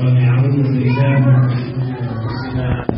ونعوذ بالله من انفسنا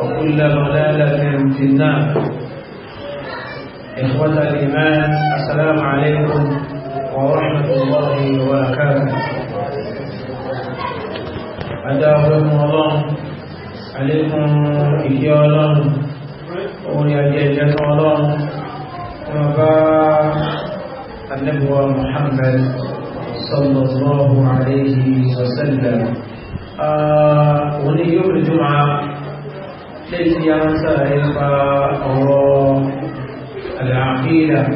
وكل ضلالة في النار إخوة الإيمان السلام عليكم ورحمة الله وبركاته أداكم الله عليكم إيا الله أولي أجيجة الله وبا النبوة محمد صلى الله عليه وسلم آه يوم الجمعة ليس يا سائق العقيدة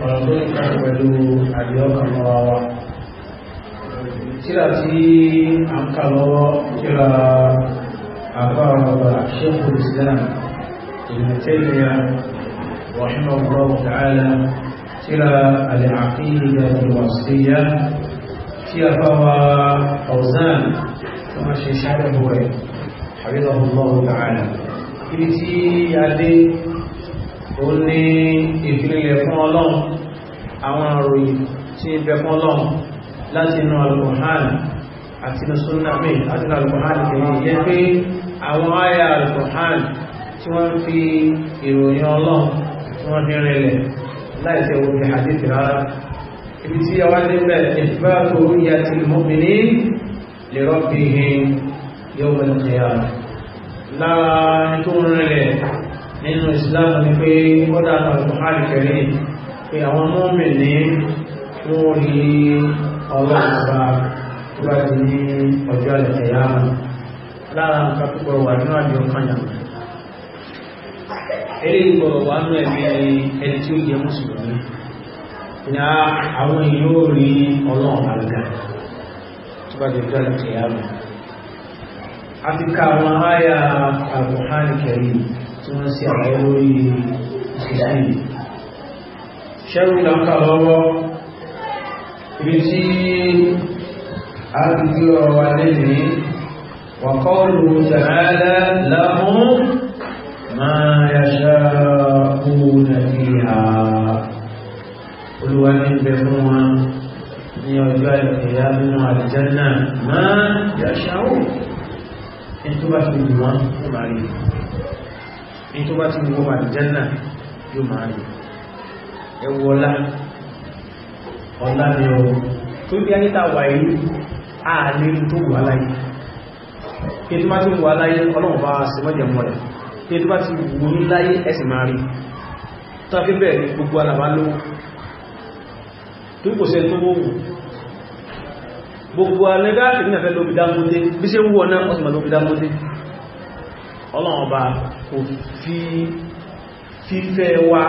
فرضون تعبدوا عليك الله سلاسي عمك الله كلا أبا شيخ الإسلام ابن تيمية رحمه الله تعالى سلا العقيدة الوصية سلا فوا أوزان ثم شيخ شعر àríwọ̀lọ́wọ́ الله تعالى. tí a dé ó ní ìfìlẹ̀ fún ọlọ́run àwọn àròyìn tí ń bẹ fún ọlọ́run láti inú alùkùnhàn àti inú súnnàmì àti inú alùkùnhàn èyí jẹ́ pé àwọn àyà alùkùnhàn tí wọ́n fi ìròyìn ọlọ́run tí wọ́n fi rinlẹ̀ láìsẹ̀ òfin àdìtì rárá ibi tí a wá dé bẹ́ẹ̀ ìfẹ́ àtòrúyà lára tó ń rẹ̀ nínú islam ni pé ó dáadáa alùpùpù kẹrin pé àwọn mọ́mì ní wọ́n rí ọwọ́ ìgbà tó bá ti ní ọjọ́ àlẹ́yà lára nǹkan tó gbọ́rọ̀ wà nínú àjọ kanyà eré ìgbọ̀rọ̀ wà nínú ẹ̀mí ẹni tí ó jẹ mùsùlùmí ní àwọn èèyàn ó rí ọlọ́run àlùgà tó bá ti ọjọ́ àlẹ́yà àfikà àwọn àyà àbùhánì kẹrì tí wọ́n sí àwọn lórí ìdáyìí ṣẹ́rù ìlànkà lọ́wọ́ ibi tí a ti gbé ọ̀rọ̀ wa lẹ́lẹ́ wàkọ́ọ̀lù tààlà láhùn máa yàṣà òun àfihà olúwa ní ìbẹ̀ fún wọn ní ọjọ́ ẹni tó bá ti wù wọ́n ó máa rí ẹni tó bá ti wù wọ́n máa jẹ́nà yóò máa rí ẹwọ ọlá ọlá ni ọ tó bí ayé tà wà yìí ààlé tó wù aláyé kí tó bá ti wù aláyé ọlọ́run bá sì mọ́jẹ̀ mọ́ rẹ̀ kí tó bá ti wù ní láyé ẹ̀sìn máa rí tó bá fi bẹ́ẹ̀ gbogbo alàbá lówó tó kò sẹ́ tó wọ́wọ́ gbogbo alẹ́gá ìrìnà fẹ́ lóbi dámúté bí ṣe ń wọ́n náà ọ̀sìn lóbi dámúté ọlọ́run kò fi fífẹ́ wa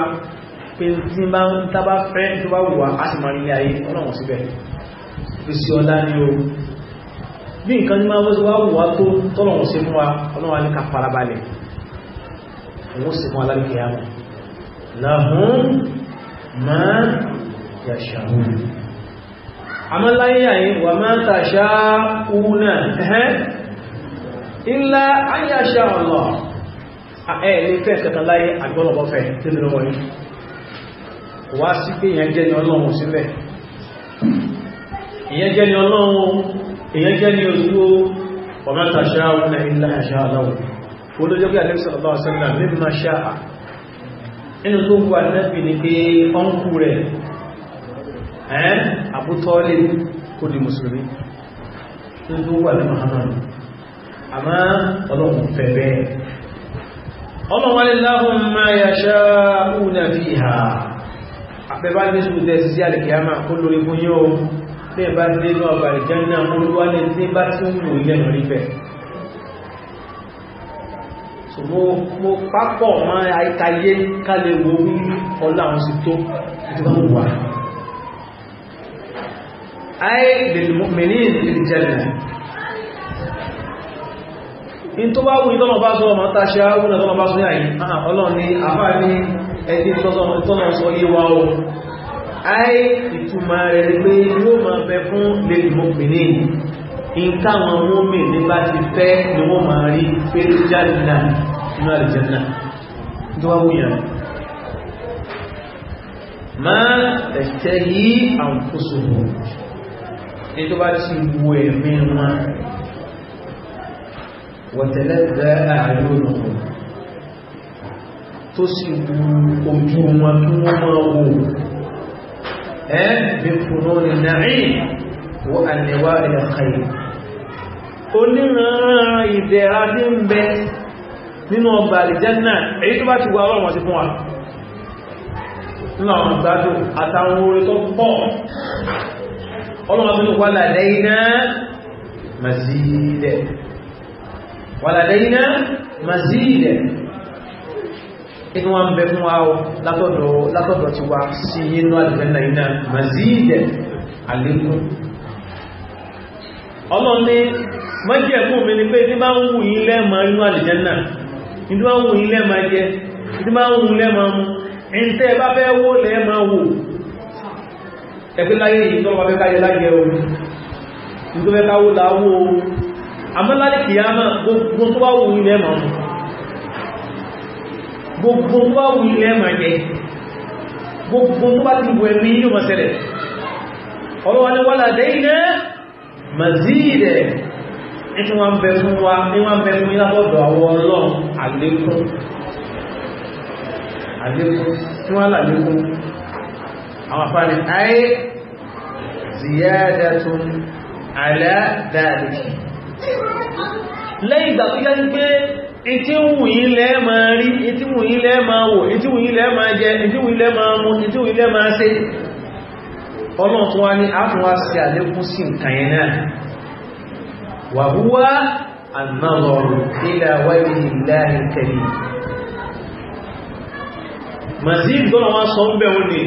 pé tí bá ń tábá fẹ́ tó bá wùwà á sì máa nílé ayé ọlọ́run síbẹ̀ fi sí ọlá ní o bí nǹkan ní máa wọ́sí wá wùwà tó tọ́lọ̀run sí fún wa ọlọ́run ní ká farabalẹ̀ òun sì fún alábìkẹ́ yàmù lahum ma yashaun àmọ́ láyé àyí wà máa tàṣà únà ẹ̀hẹ́n ilá ayáṣà ọ̀lọ̀ ẹ̀ ní fẹ́ kẹta láyé àgbọ́lọ̀bọ́fẹ́ nínú wọ́nyí wá sí pé ìyẹn jẹ́ ni ọlọ́run sílẹ̀ ìyẹn jẹ́ ni ọlọ́run ìyẹn jẹ́ ni olúwo wà ẹ́n àbútọ́lé kó di mùsùlùmí tó tó wà ní mahamadu àmá ọlọ́run fẹ̀bẹ̀ ọlọ́wọ́lélàhùn ma yà ṣáàúnà fi ha àpẹbá ní ṣùgbọ́n tẹ́ sí alìkìyàmà kó lórí fún yóò tẹ́ bá dé ní ọgbà ìjánná olúwálẹ̀ tí bá tí ń lò ilẹ̀ lórí bẹ̀ mo pápọ̀ máa àìkàyé kálẹ̀ wo ọlá àwọn sí tó ìjọba wà أي للمؤمنين في الجنة in tó bá wùí tọ́nà bá sọ ọmọ tàṣẹ àwúnà tọ́nà bá sọ ní àyí ọlọ́run ni àfà ní ẹni tọ́nà sọ yíwa o àì ìtumà rẹ̀ ni pé yóò máa bẹ fún lèlìmọ́pìnì in táwọn mọ́mì ní bá ti fẹ́ ni wọ́n máa rí pé jàdínà inú ní tó bá ti wo ẹ̀mí wọn wọ̀tẹ̀lẹ̀ bẹ́ ààrẹ olùkọ́ tó sì wu ojú wọn kí wọ́n máa wò ẹ́ bí kùnú ní nàáyí wọ àníwá ìlàkàyè oníran ìdẹ̀ra ní ń bẹ nínú ọgbà àlìjẹ́nà èyí tó bá ti wà ọlọ́run ti fún wa nínú àwọn ìgbádùn àtàwọn orí tó pọ̀ ọlọ́run bí wà làdẹ́yìnà mazídẹ̀ wà làdẹ́yìnà mazídẹ̀ inú wa ń bẹ fún wa látọ̀dọ̀ ti wá sí inú àdìfẹ́nà iná mazídẹ̀ alékún ọlọ́run ní mọ́jẹ̀kún mi ni pé ní bá ń wù ilẹ̀ ma inú àlìjẹ́nà ìdí bá ń wù ilẹ̀ ma jẹ ìdí bá ń wù ilẹ̀ ma mú ìntẹ́ bá fẹ́ wó lẹ́ ma wò ẹgbẹ́ láyé yìí tó wà fẹ́káyẹ láyé ohun tó fẹ́káwó láwó ohun àmọ́ láti kìyàmà gbogbo tó wá wù ilẹ̀ mọ̀ gbogbo tó wá wù ilẹ̀ mọ̀ jẹ gbogbo tó bá ti wù ẹ̀mí yíò mọ̀sẹ̀lẹ̀ ọlọ́wà ní wà ládẹ́ iná mazíìdẹ̀ nítorí wọ́n bẹ fún wa ní wọ́n bẹ fún ilátọ́dọ̀ àwọn ọlọ́ àlékún àlékún tí wọ́n lálékún àwọn afáàní ayé ziyadatun ala dhalika lẹ́yìn ìgbà tó yá ní pé ìtí wù yí lẹ́ máa rí ìtí wù yí lẹ́ máa wò ìtí wù yí lẹ́ máa jẹ ìtí wù yí lẹ́ máa mú ìtí wù yí lẹ́ máa ṣe ọlọ́run wá ní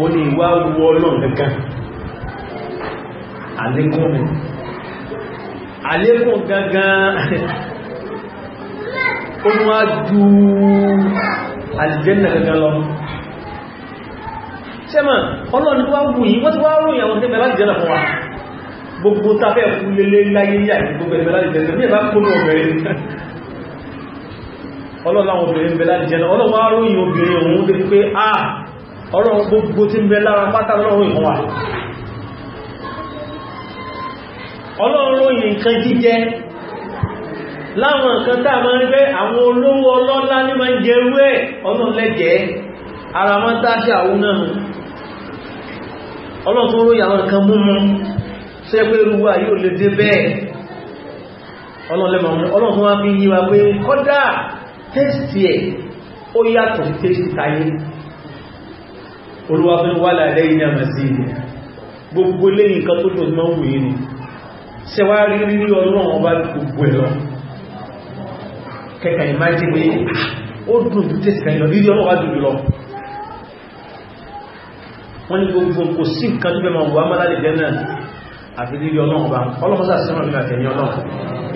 ó ní ìwá wọ náà nìkan àlékún mi àlékún gangan ó wá ju àlìjẹ́nà gangan lọ ṣẹ́mà ọlọ́ni wá wù yí wọ́n ti wá ròyìn àwọn tẹ́bẹ̀ láti jẹ́nà fún wa gbogbo tafẹ́ fún lélé láyé yà gbogbo ẹ̀bẹ̀ láti jẹ́nà ní ẹ̀bá kónú obìnrin ọlọ́láwọn obìnrin bẹ̀ láti jẹ́nà ọlọ́wọ́ ròyìn obìnrin òun dé pé ah ọlọ́run gbogbo tí ń bẹ lára pátá lọ́rùn ìwọ̀n wà ọlọ́run ròyìn nǹkan jíjẹ láwọn nǹkan tá máa ń gbé àwọn olówó ọlọ́lá ní máa ń jẹ rú ẹ̀ ọlọ́lẹ́jẹ́ ara máa táṣì àwọn náà ọlọ́run tó ròyìn àwọn nǹkan múmú sẹ́gbẹ́ irúwà yóò lè dé bẹ́ẹ̀ ọlọ́run wá olúwa fẹ́ wà láàrẹ iná mẹ́sí gbogbo lẹ́yìn nǹkan tó tó mọ́ wù inú sẹwà rí rí ọlọ́run ọba gbogbo ẹ̀lọ kẹkà ìmájí pé ah, ó dùn tó tẹ́sì kan lọ rí ọlọ́run ọba dùn lọ wọ́n ní gbogbo kò sí nǹkan tó bẹ́ máa wà mọ́lá lẹ́gbẹ́ náà àfi rí ọlọ́run ọba ọlọ́mọsá sẹ́wọ̀n mi àtẹ̀yìn ọlọ́run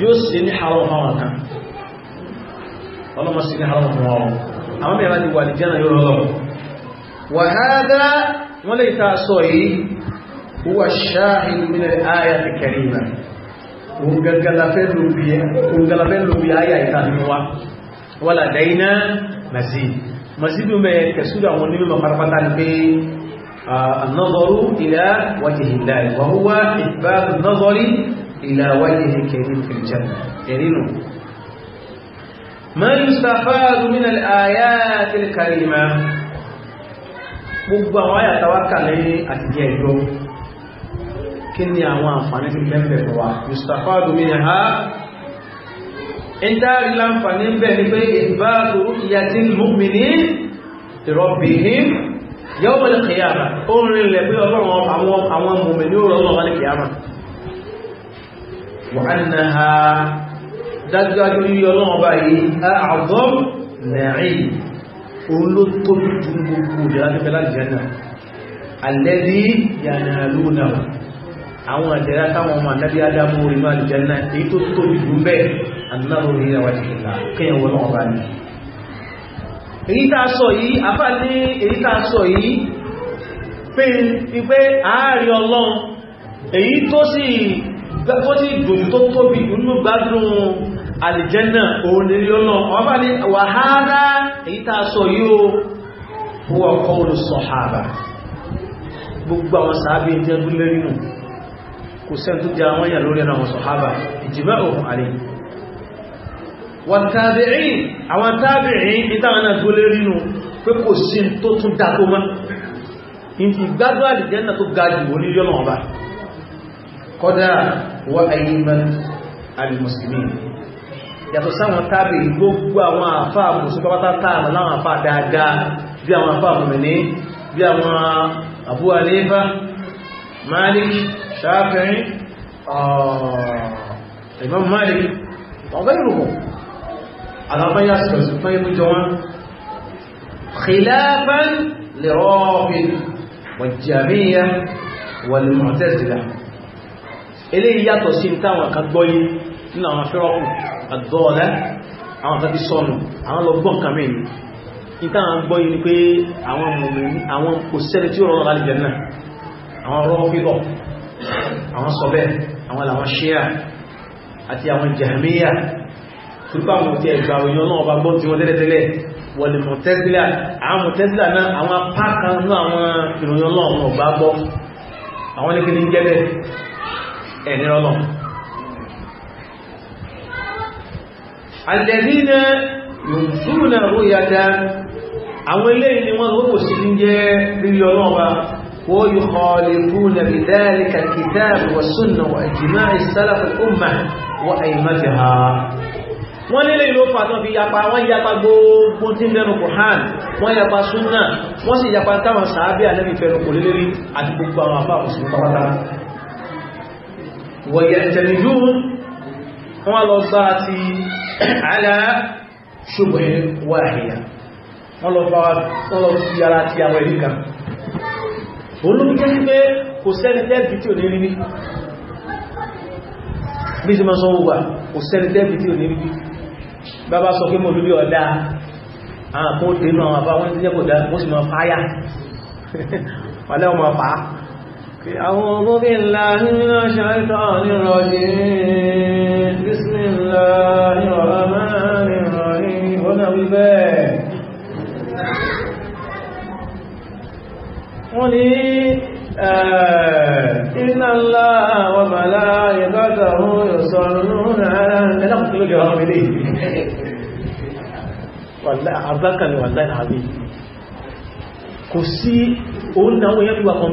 yóò sì ní àwọn ọmọ wọn kan ọlọ́mọ sí ní àwọn ọmọ wọn àwọn mẹ́rin láti wà ní jẹ́nà yóò lọ́wọ́ وهذا وليس صوي هو الشاهد من الآية الكريمة ونقلبين لبي آية تنوى ولدينا مزيد مزيد ما يكسود عن نبي مقرفة النظر إلى وجه الله وهو إثبات النظر إلى وجه الكريم في الجنة يرينه ما يستفاد من الآيات الكريمة gbogbo àwọn àyàtàwà kà lẹ́yìn àtijẹ́ ìjọ kí ni àwọn àǹfààní ti bẹ́ẹ̀ fún wa mustapha domina ha ń dárí láǹfààní bẹ́ẹ̀ ni pé ìbáàtò ìyá tí mọ́mìnì ìrọ̀bìhìn òun ló tóbi jù gbogbo ìjọra tó fẹ́lá jẹ́nà alẹ́dí yànàlúnà àwọn àjẹ́rá táwọn ọmọ àdábí adámú orí máa jẹ́nà èyí tó tóbi jù bẹ́ẹ̀ àdúnàrò orí ìrẹ̀wà jìkìlá kíyàn wọ́n náà bá ní èyí tá a sọ yìí afá ní èyí tá a sọ yìí pé pé ààrí ọlọ́run èyí tó sì dòjú tó tóbi jù nínú alìjẹ́nà òun lè rí ọ̀nà ọba ní wàhálà èyí tàà sọ yóò wọ́n kọ́ olùsọ̀hábà gbogbo àwọn sàábí jẹ́ gúnlẹ́rí nù kò sẹ́n tó jẹ́ àwọn yà lórí àwọn sọ̀hábà ìjìmẹ́ òun àrí wọ́n tàbí'in àwọn tàbí'in ìtàwọn náà gúnlẹ́rí nù pé kò sí tó tún dákó mọ́ ìgbádùn àlìjẹ́nà tó ga jù wọ́n ọba kọ́dá wọ́n ayé mẹ́rin alìmùsùlùmí yàtọ̀ sáwọn tábì gbogbo àwọn àfá àmùsùpápátá táàmà láwọn àfá dáadáa bí àwọn àfá àmùmìní bí àwọn Abu Hanifa Malik Shafi'i uh, Imam Malik ọgbẹ́ ìrùkùn alábáyà sọ̀rọ̀ fún ikú jọ wọn khilafan li Rafid wal Jahmiyya wal Mu'tazila eléyìí yàtọ̀ sí táwọn kan gbọ́yìí nínú àwọn afẹ́rọ́kù àdọ́ọ̀lẹ́ àwọn tàbí sọ́nù àwọn lọ gbọ́n kàmí ní ìta àwọn gbọ́ yìí ni pé àwọn mùmìnì àwọn kò sẹ́lẹ̀ tí ó rọrọ̀ láti jẹ́nà àwọn rọ́fíkọ̀ àwọn sọ́bẹ̀ àwọn làwọn ṣíyà àti àwọn jahmiya turupa àwọn tí tí ẹ̀ alẹ́dínà yòókùnà rúyàdá àwọn ilé ni wọ́n tó kò sí ní jẹ́ rírí ọlọ́ọ̀bá wọ́n yóò kọ́ lè fún nàbí dáríkà kìtà wàsúnà wà jìmá ìsálàfà ọmọ wà àìmáfẹ́ ha wọ́n nílé ìlú fàtàn fi yapa wọ́n yapa gbogbo tí mẹ́nu kò wọ́n yapa súnà wọ́n sì yapa táwọn sàábí àlẹ́bí fẹ́nu kò lélérí àti gbogbo àwọn àfáà sí pàpátá wọ́n lọ bá ti àlá ṣùgbọ́n wà àríyà wọ́n lọ bá wọ́n lọ sí ara ti àwọn ẹ̀rí kan olóbíkẹ́ sí pé kò sẹ́ni tẹ́bì tí ò ní rí bí i ṣe máa sọ wà kò sẹ́ni tẹ́bì tí ò ní rí bàbá sọ pé mo lórí ọ̀dá àwọn àpótẹ́ inú àwọn àbáwọn jẹ́ kò dá mo sì máa fáyà wọ́n lẹ́wọ̀n máa fàá أعوذ بالله من الشيطان الرجيم بسم الله الرحمن الرحيم ونبيه ولي إن الله وملائكته يصلون على النبي الجواب لي والله أرضاك والله العظيم kò sí òun náà wọ́n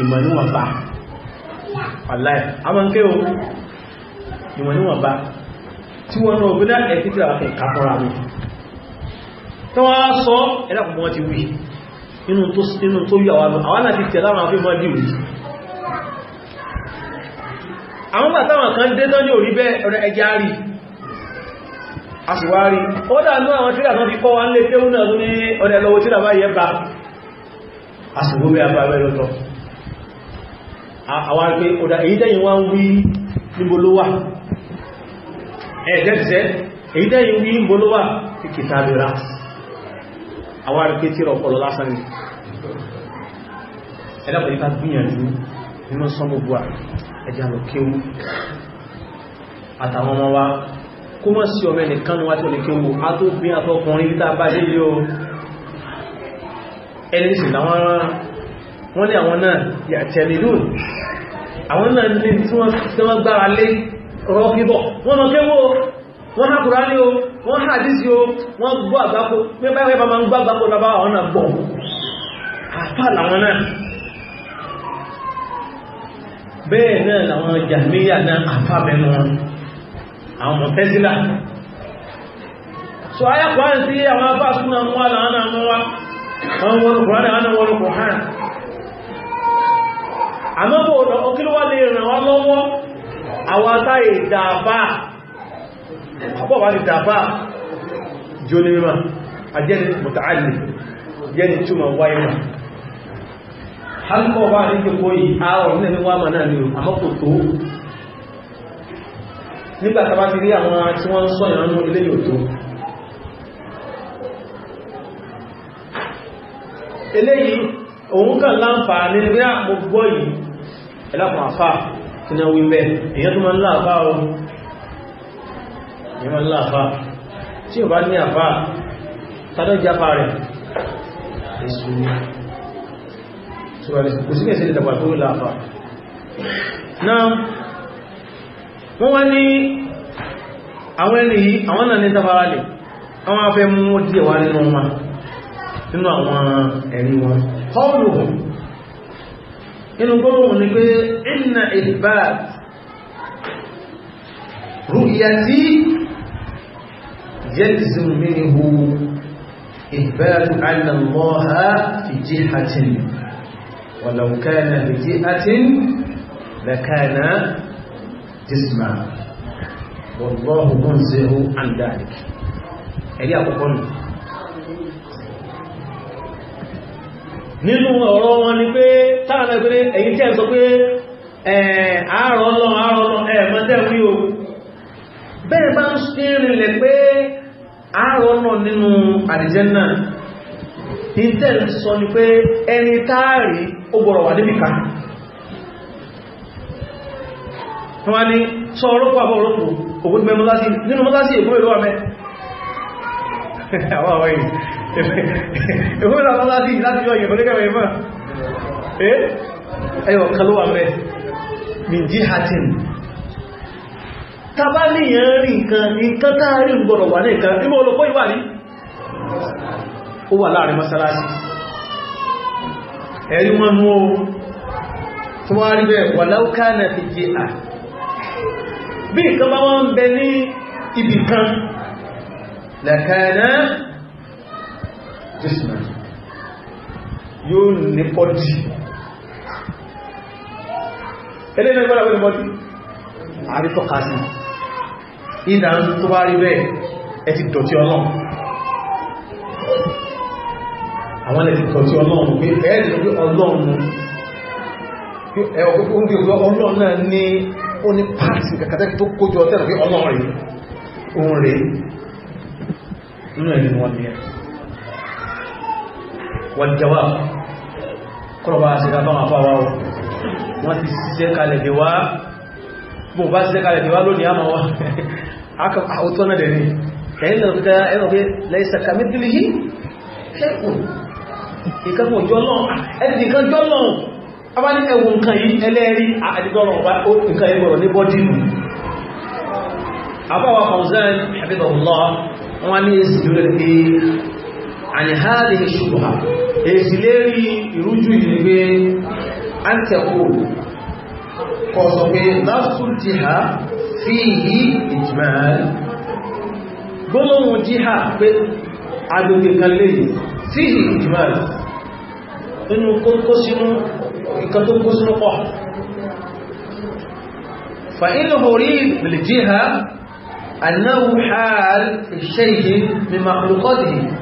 ìmọ̀ níwọ̀nba aláì amọ́nkẹ́ o ìmọ̀ níwọ̀nba tí wọ́n náà gbé dáa ẹ̀kí tí a kẹ kàkọ́ra mi tó wá sọ ẹ̀dàkùnmọ́ ti wí inú tó yí àwọn àwọn láti tẹ̀ láwọn afẹ́mọ́ dì wí àwọn bàtàwọn kan dé tán ní orí bẹ́ ọ̀rẹ́ ẹja rí a sì wá àwọn àpé ọ̀dà èyí tẹ́yìn wá ń wí níbo ló wà ẹ̀ẹ́dẹ́sẹ̀ èyí tẹ́yìn wí níbo ló wà fi kìtà lera àwọn àpé tí ọpọlọ lásán ni ẹ̀dàpọ̀ ìta gbìyànjú nínú sọmọ̀bùwà ẹjà lọ kéwú àtàwọn ọmọ wa kó mọ́ sí ọmọ ẹnìkan ní wá tí wọ́n ní àwọn náà yàtẹ̀lélùn àwọn náà ní tí wọ́n gbára lé rọ́fíbọ̀ wọ́n mọ̀ kéwò wọ́n ha kùrá ní o wọ́n ha dísí o wọ́n gbọ́ àgbákò pé báyẹ̀ bá ma ń gbọ́ àgbákò lọ bá àwọn náà gbọ́ àfà làwọn náà bẹ́ẹ̀ náà làwọn jàmíyà náà àfà àmọ́bò ọkílówà lè ràn wá lọ́wọ́ àwátá ìdàbà àpọ̀wà ìdàbà jí ó ní mímọ̀ àjẹ́ni mọ̀tàálì yẹni túnmọ̀ wáyé halkọ̀ bá ní kíkó yìí àwọn tí eléyìí òun kàn láǹfà ní pé ah, mo gbọ́ yìí ẹlápùn àfà tí na wíwẹ́ èyàn tó máa ń láàfà o èyàn máa ń láàfà tí ò bá ní àfà tàbí jápa rẹ̀ èsù àwọn ẹ̀rí wọn kọlùhùn inú gbọ́nà ní pé inna ìbáàd rúyàtí yẹ́tìsìn mínú ìbáàd annàmọ́ha fìjì hatin wàlàukánà fìjì hatin lakánà jisma wàlláhù mọ́nzẹ̀rù an dáàdìkì ẹ̀rí àkọ́kọ́ nù nínú ọ̀rọ̀ wọn ni pé táàrẹ pé ẹ̀yìn tẹ́ sọ pé àárọ̀ ọlọ́run àárọ̀ ọlọ́run ẹ̀mọ́ tẹ́wí o bẹ́ẹ̀ bá ń sí rìnlẹ̀ pé àárọ̀ ọlọ́run nínú àdìjẹ́nà ìtẹ́ sọ ni pé ẹni táàrí ó gbọ́rọ̀ wà níbìkà wọ́n ni sọ ọlọ́pù àbọ̀ àwọn àwọn èèyàn ìwé eh ẹwọ̀ kalówà mẹ́ min jihatin tàbá ní ìyẹn rí nǹkan nǹkan táà rí gbọ́dọ̀ wà ní ìkan nígbà olùkọ́ ìwà ní ó wà láàrin masalasi ẹ̀rí wọn mú o tó wá rí bẹ́ẹ̀ wà láúká na fi jẹ́ à bí nǹkan bá wọ́n ń bẹ ní ibìkan lẹ́kẹ̀ẹ́ náà jésìmẹ̀ yóò ní pọ́dì ẹlẹ́nà ìgbọ́nà wọ́n ni pọ́dì àrítọ́ka sí ìdá tó bá rí bẹ́ẹ̀ ẹ ti dọ̀tí ọlọ́run àwọn ẹ̀ ti dọ̀tí ọlọ́run pé ẹ̀ẹ́lẹ́gbé ọlọ́run ọlọ́run náà ní ó ní pàtì kàkàtàkì tó kójọ tẹ́lẹ̀ pé ọlọ́run rí ohun rí inú ẹni wọn ni ẹ̀ wàlìjàwà kọ́lọ̀bá àṣíká bá wọn fáwá o wọ́n ti ṣiṣẹ́ kalẹ̀ dẹ̀wà bó bá ṣiṣẹ́ kalẹ̀ dẹ̀wà lónìí àmà wá àwọ̀tọ́ náà dẹ̀rẹ̀ ẹ̀yìn lọ fíta ẹ̀rọ pé lẹ́sà kàmídìlì yìí ṣẹ́kùn ìkẹ́kùn ọjọ́ náà ẹ̀dìdì kan jọ́ náà abá ní ẹwù nǹkan yìí ẹlẹ́rí àdìgọ́rọ̀ nǹkan ìgbọ̀rọ̀ ní bọ́dínù abáwà kọ̀ọ̀zẹ́ àbíbọ̀ عن هذه الشبهة إسلامي إيه يرجو إليه أن تقول قصبه نفس الجهة فيه إجمال قلوا الجهة عدد القليل فيه إجمال إنه كل قسم كتب قسم قحط فإنه أريد بالجهة أنه حال الشيء من مخلوقاته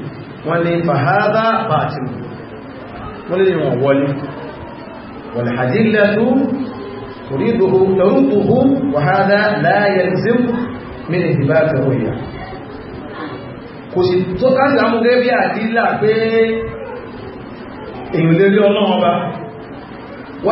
wọ́n lè fàhádá bàtìlù wọ́n lè wọ̀n wọlé wàlhàdílẹ́tú torídùhú wàhádá láyẹ̀ zim mìí ìdìbà tẹ̀wòyà kò sì tó káàkiri amúgẹ́ bí àdílà pé èyàn lè rí ọlọ́run bá wà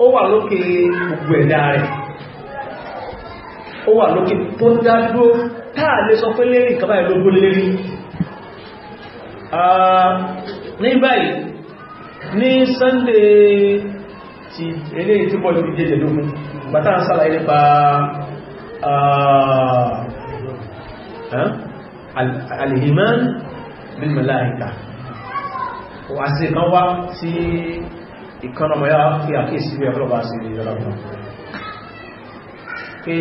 ó wà lókè gbogbo ẹ̀dá rẹ̀ ó wà lókè tó dádúró táà lè sọ pé lérí ìkàbá ìlógó lérí ní báyìí ní Sunday ti ilé ìtúbọ̀ ti jẹ́ jẹ́lógún bàtà ń sára ilé pa alìhìmán min mẹ́láìkà wà sí kan wá sí ìkan ọmọ yá fi àkíyèsí rí ọlọ́bà sí ìjọlọ́pàá pé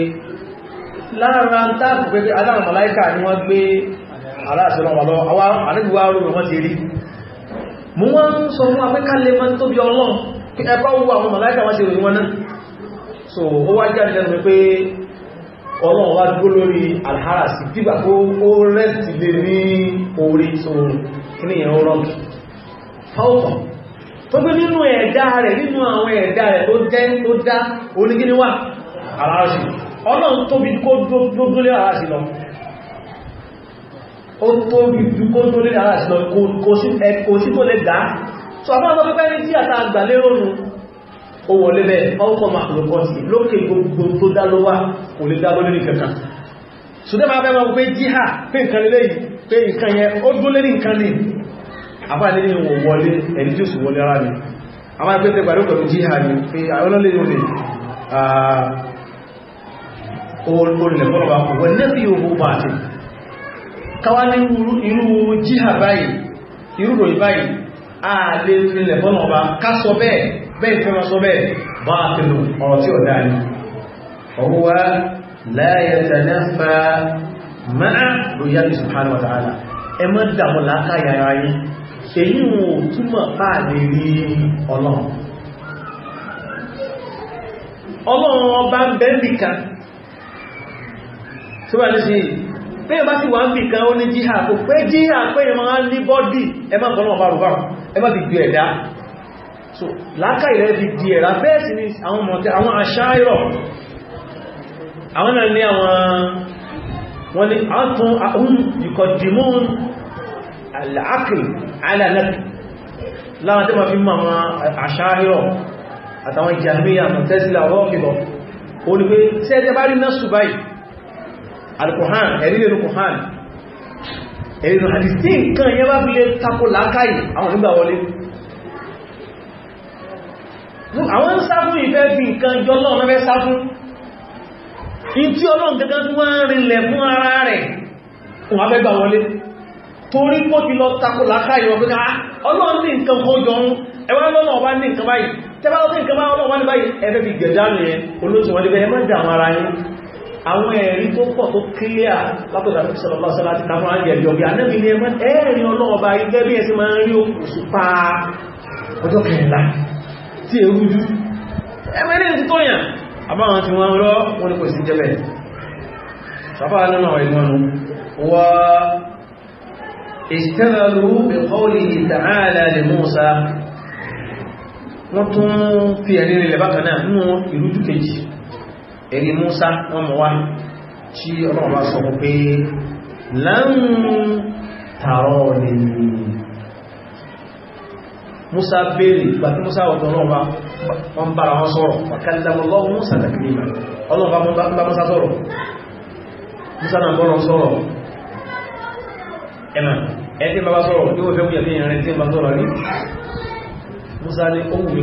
lára ń tàbí pé adáwọn mọ̀láíkà ni wọ́n gbé aláàṣẹ́lọ́wọ́ lọ́wọ́ àdébùwá rúrù wọ́n ti rí mú wọ́n ń sọ fún apẹ́kálẹ̀ mọ́ tóbi ọlọ́run kí ẹgbọ́ wú àwọn mọ̀láíkà wọ́n ti rí wọn náà so ó wá jáde lẹ́nu pé ọlọ́run wá dúró lórí alhara sí bígbà tó ó tó gbé nínú ẹ̀dá rẹ̀ nínú àwọn ẹ̀dá rẹ̀ tó jẹ́ tó dá onígíní wà aláàṣì ọlọ́run tóbi kó dúdúlé aláàṣì lọ ó tóbi kó dúdúlé aláàṣì lọ kò sí tó lè dá so àbá ọmọ pípẹ́ ní tí àta àgbà lérònù ó wọlé bẹ́ẹ̀ ọkọ̀ màkùlùkọ́sì lókè gbogbo tó dá ló wà kò lè dá lórí kankan sùdẹ́ máa bẹ́ẹ̀ àbáyé ní wọ́n wọlé ẹni tí ó sì wọlé ara ni a máa pẹ́ tẹgbàrí pẹ̀lú jíhà ní pé àyọ́lọ́lẹ́ yóò lè orílẹ̀ fọ́lọ̀wà wọ́n nẹ́fì ohun bá ti káwà ní irú jíhà báyìí irú ròyìn báyìí a lè rílẹ̀ fọ́lọ̀wà ká yìí èyí wọn ò túmọ̀ káàlè rí ọlọ́run ọlọ́run ọba ń bẹ́ẹ̀bì kan tí wà ní sí bá sì wà ń bì kan ó ní jíhà kò pé jíhà pẹ́yẹ máa ní bọ́dì ẹ má ọba rùgbà ẹ má fi di ẹ̀dá so láká ilẹ̀ fi di ẹ̀dá bẹ́ẹ̀ àwọn àwọn àwọn wọn ni al-aql ala naql láwọn tí ma fi mọ̀ àwọn àṣáhírọ̀ àtàwọn jahmiya mọ̀tẹ́sílà rọ́kìdọ̀ o ní pé tí ẹ bá rí náà ṣùgbáyì al-Qur'an ẹ̀rí nínú Qur'an ẹ̀rí nínú hadith tí nǹkan yẹ bá fi lè tako lákàí àwọn nígbà wọlé wọ́n fẹ́ gbà wọlé torí kó ti lọ takò láká ìwọ̀n pé káà ah, ọlọ́run ní nǹkan kan jọ ń ẹwà lọ́nà ọba ní nǹkan báyìí tẹ́bá lọ́tí nǹkan bá ọlọ́run wá ní báyìí ẹgbẹ́ fi gẹ̀dánù yẹn olóòtú wọn débẹ̀ ẹ mọ́jà àwọn ara yín àwọn ẹ̀rí tó pọ̀ tó kílíà látọ̀dà tó sọ̀rọ̀ lọ́sọ̀ láti ta fún àjẹ́ ìjọba ànẹ́bí ni ẹmọ́ ẹ̀rí ọlọ́run ọba yìí gẹ́bí ẹ̀ máa ń rí òkùnsù pa ọjọ́ kẹrìnlá tí èrú jù ẹmọ́ ẹ̀rí ti tóyàn àbáwọn tí wọ́n rọ́ wọn ni kò sí jẹ́bẹ̀ اشتغلوا بقوله تعالى لموسى wọ́n tún fi ẹ̀rí rẹ̀ lẹ́bákan náà nínú ìrújú kejì ẹ̀rí Musa wọ́n mọ̀ wá tí ọlọ́run bá sọ pé láàrín tààrọ lè Musa bèèrè ìgbà tí Musa ọ̀tọ̀ ọlọ́run wọ́n bára wọn sọ̀rọ̀ wàkàlẹ̀lọ́wọ́ Musa ẹ̀mà ẹ̀tí bàbá sọ̀rọ̀ tí ó fẹ́ mú yẹ̀kí ìrìn tí ń bá sọ̀rọ̀ rí Musa ní ó wù rí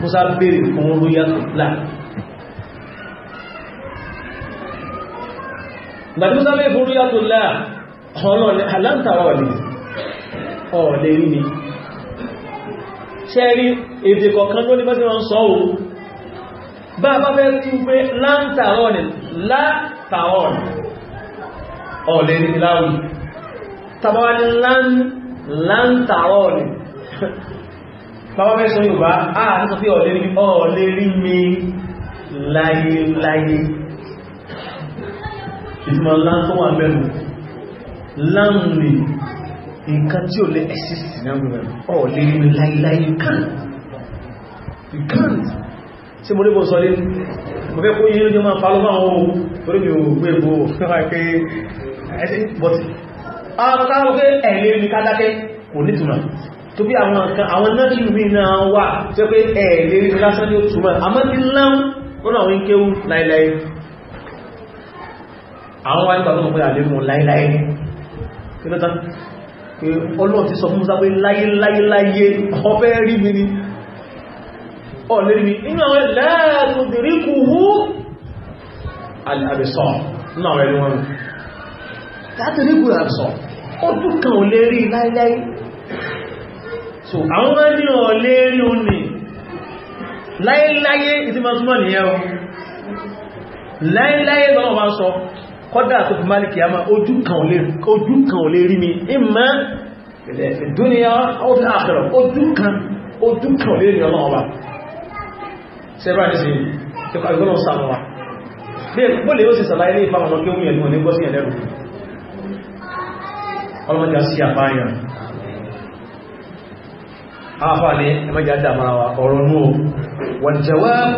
Musa bèèrè fún orú yàtọ̀ là Musa bèèrè fún orú yàtọ̀ là ọ̀nà ọ̀lẹ́ rí ni ṣẹ́rí èdè kọ̀ọ̀kan ló ní bá sí wọn sọ ohun bá bá fẹ́ tún pé láǹtàwọ̀ ni látàwọ̀ ni ọ̀lẹ́ ní láwì tàbáwá ní láńtàrọ̀ ni bàbá fẹ́ sọ Yorùbá àà ní sọ pé ọ̀lẹ́ rí mi láyé láyé ìtumọ̀ láńtọ́ wà mẹ́rin láńrì nǹkan tí ó lè ẹ̀sìsì náà mẹ́rin ọ̀lẹ́ rí mi you can't you can't tí mo lébò sọ lé mo fẹ́ kó yí lójú máa fa lọ́wọ́ àwọn ohun torí mi ò gbé ìbò fẹ́ tó bí àwọn nǹkan àwọn náàkìlú bí náà wà tí ó pé ẹ̀ẹ̀lẹ́ rí lásán ní òtùmọ̀ àmọ́ tí láún wọ́n àwọn ìkéwú láìláì àwọn wáyé pàtàkì pé àlémù láìláì kí lọ́ta pé ọlọ́run ti sọ fún Mùsá pé láyéláyéláyé ọfẹ́ rí mi ni ọ̀lẹ́rí mi nínú àwọn ẹ̀lẹ́ẹ̀tùdìríkù hú alàbẹ̀sọ̀ nínú àwọn ẹ̀lẹ́wọ̀n látàrí kùrà sọ ọdún kan ò lè rí láíláí so àwọn máa ní ọ̀ lè rí o ní láíláyé ìtí máa túnmọ̀ nìyẹn o láíláyé lọ́wọ́ máa sọ kọ́dà tó fi máàlì kìyàmá ojú kan ò lè rí mi ìmá ìdúnìyà ọdún àkọrọ̀ ojú kan ojú kan ò lè rí ọlọ́wọ́ sẹ́bàá ní sí ìkọ̀ ìgbọ́nà sáà wà bí ẹ̀kọ́ lè ó sì sàlàyé ní ìfàwọn ọmọ kí ó mú ẹ̀lú ọ̀nà ìgbọ́sí ẹ̀lẹ́rù ọlọ́mọjá sí àpáyàn afá ní ẹmọ́já dámara ọ̀rọ̀ mú wal jawab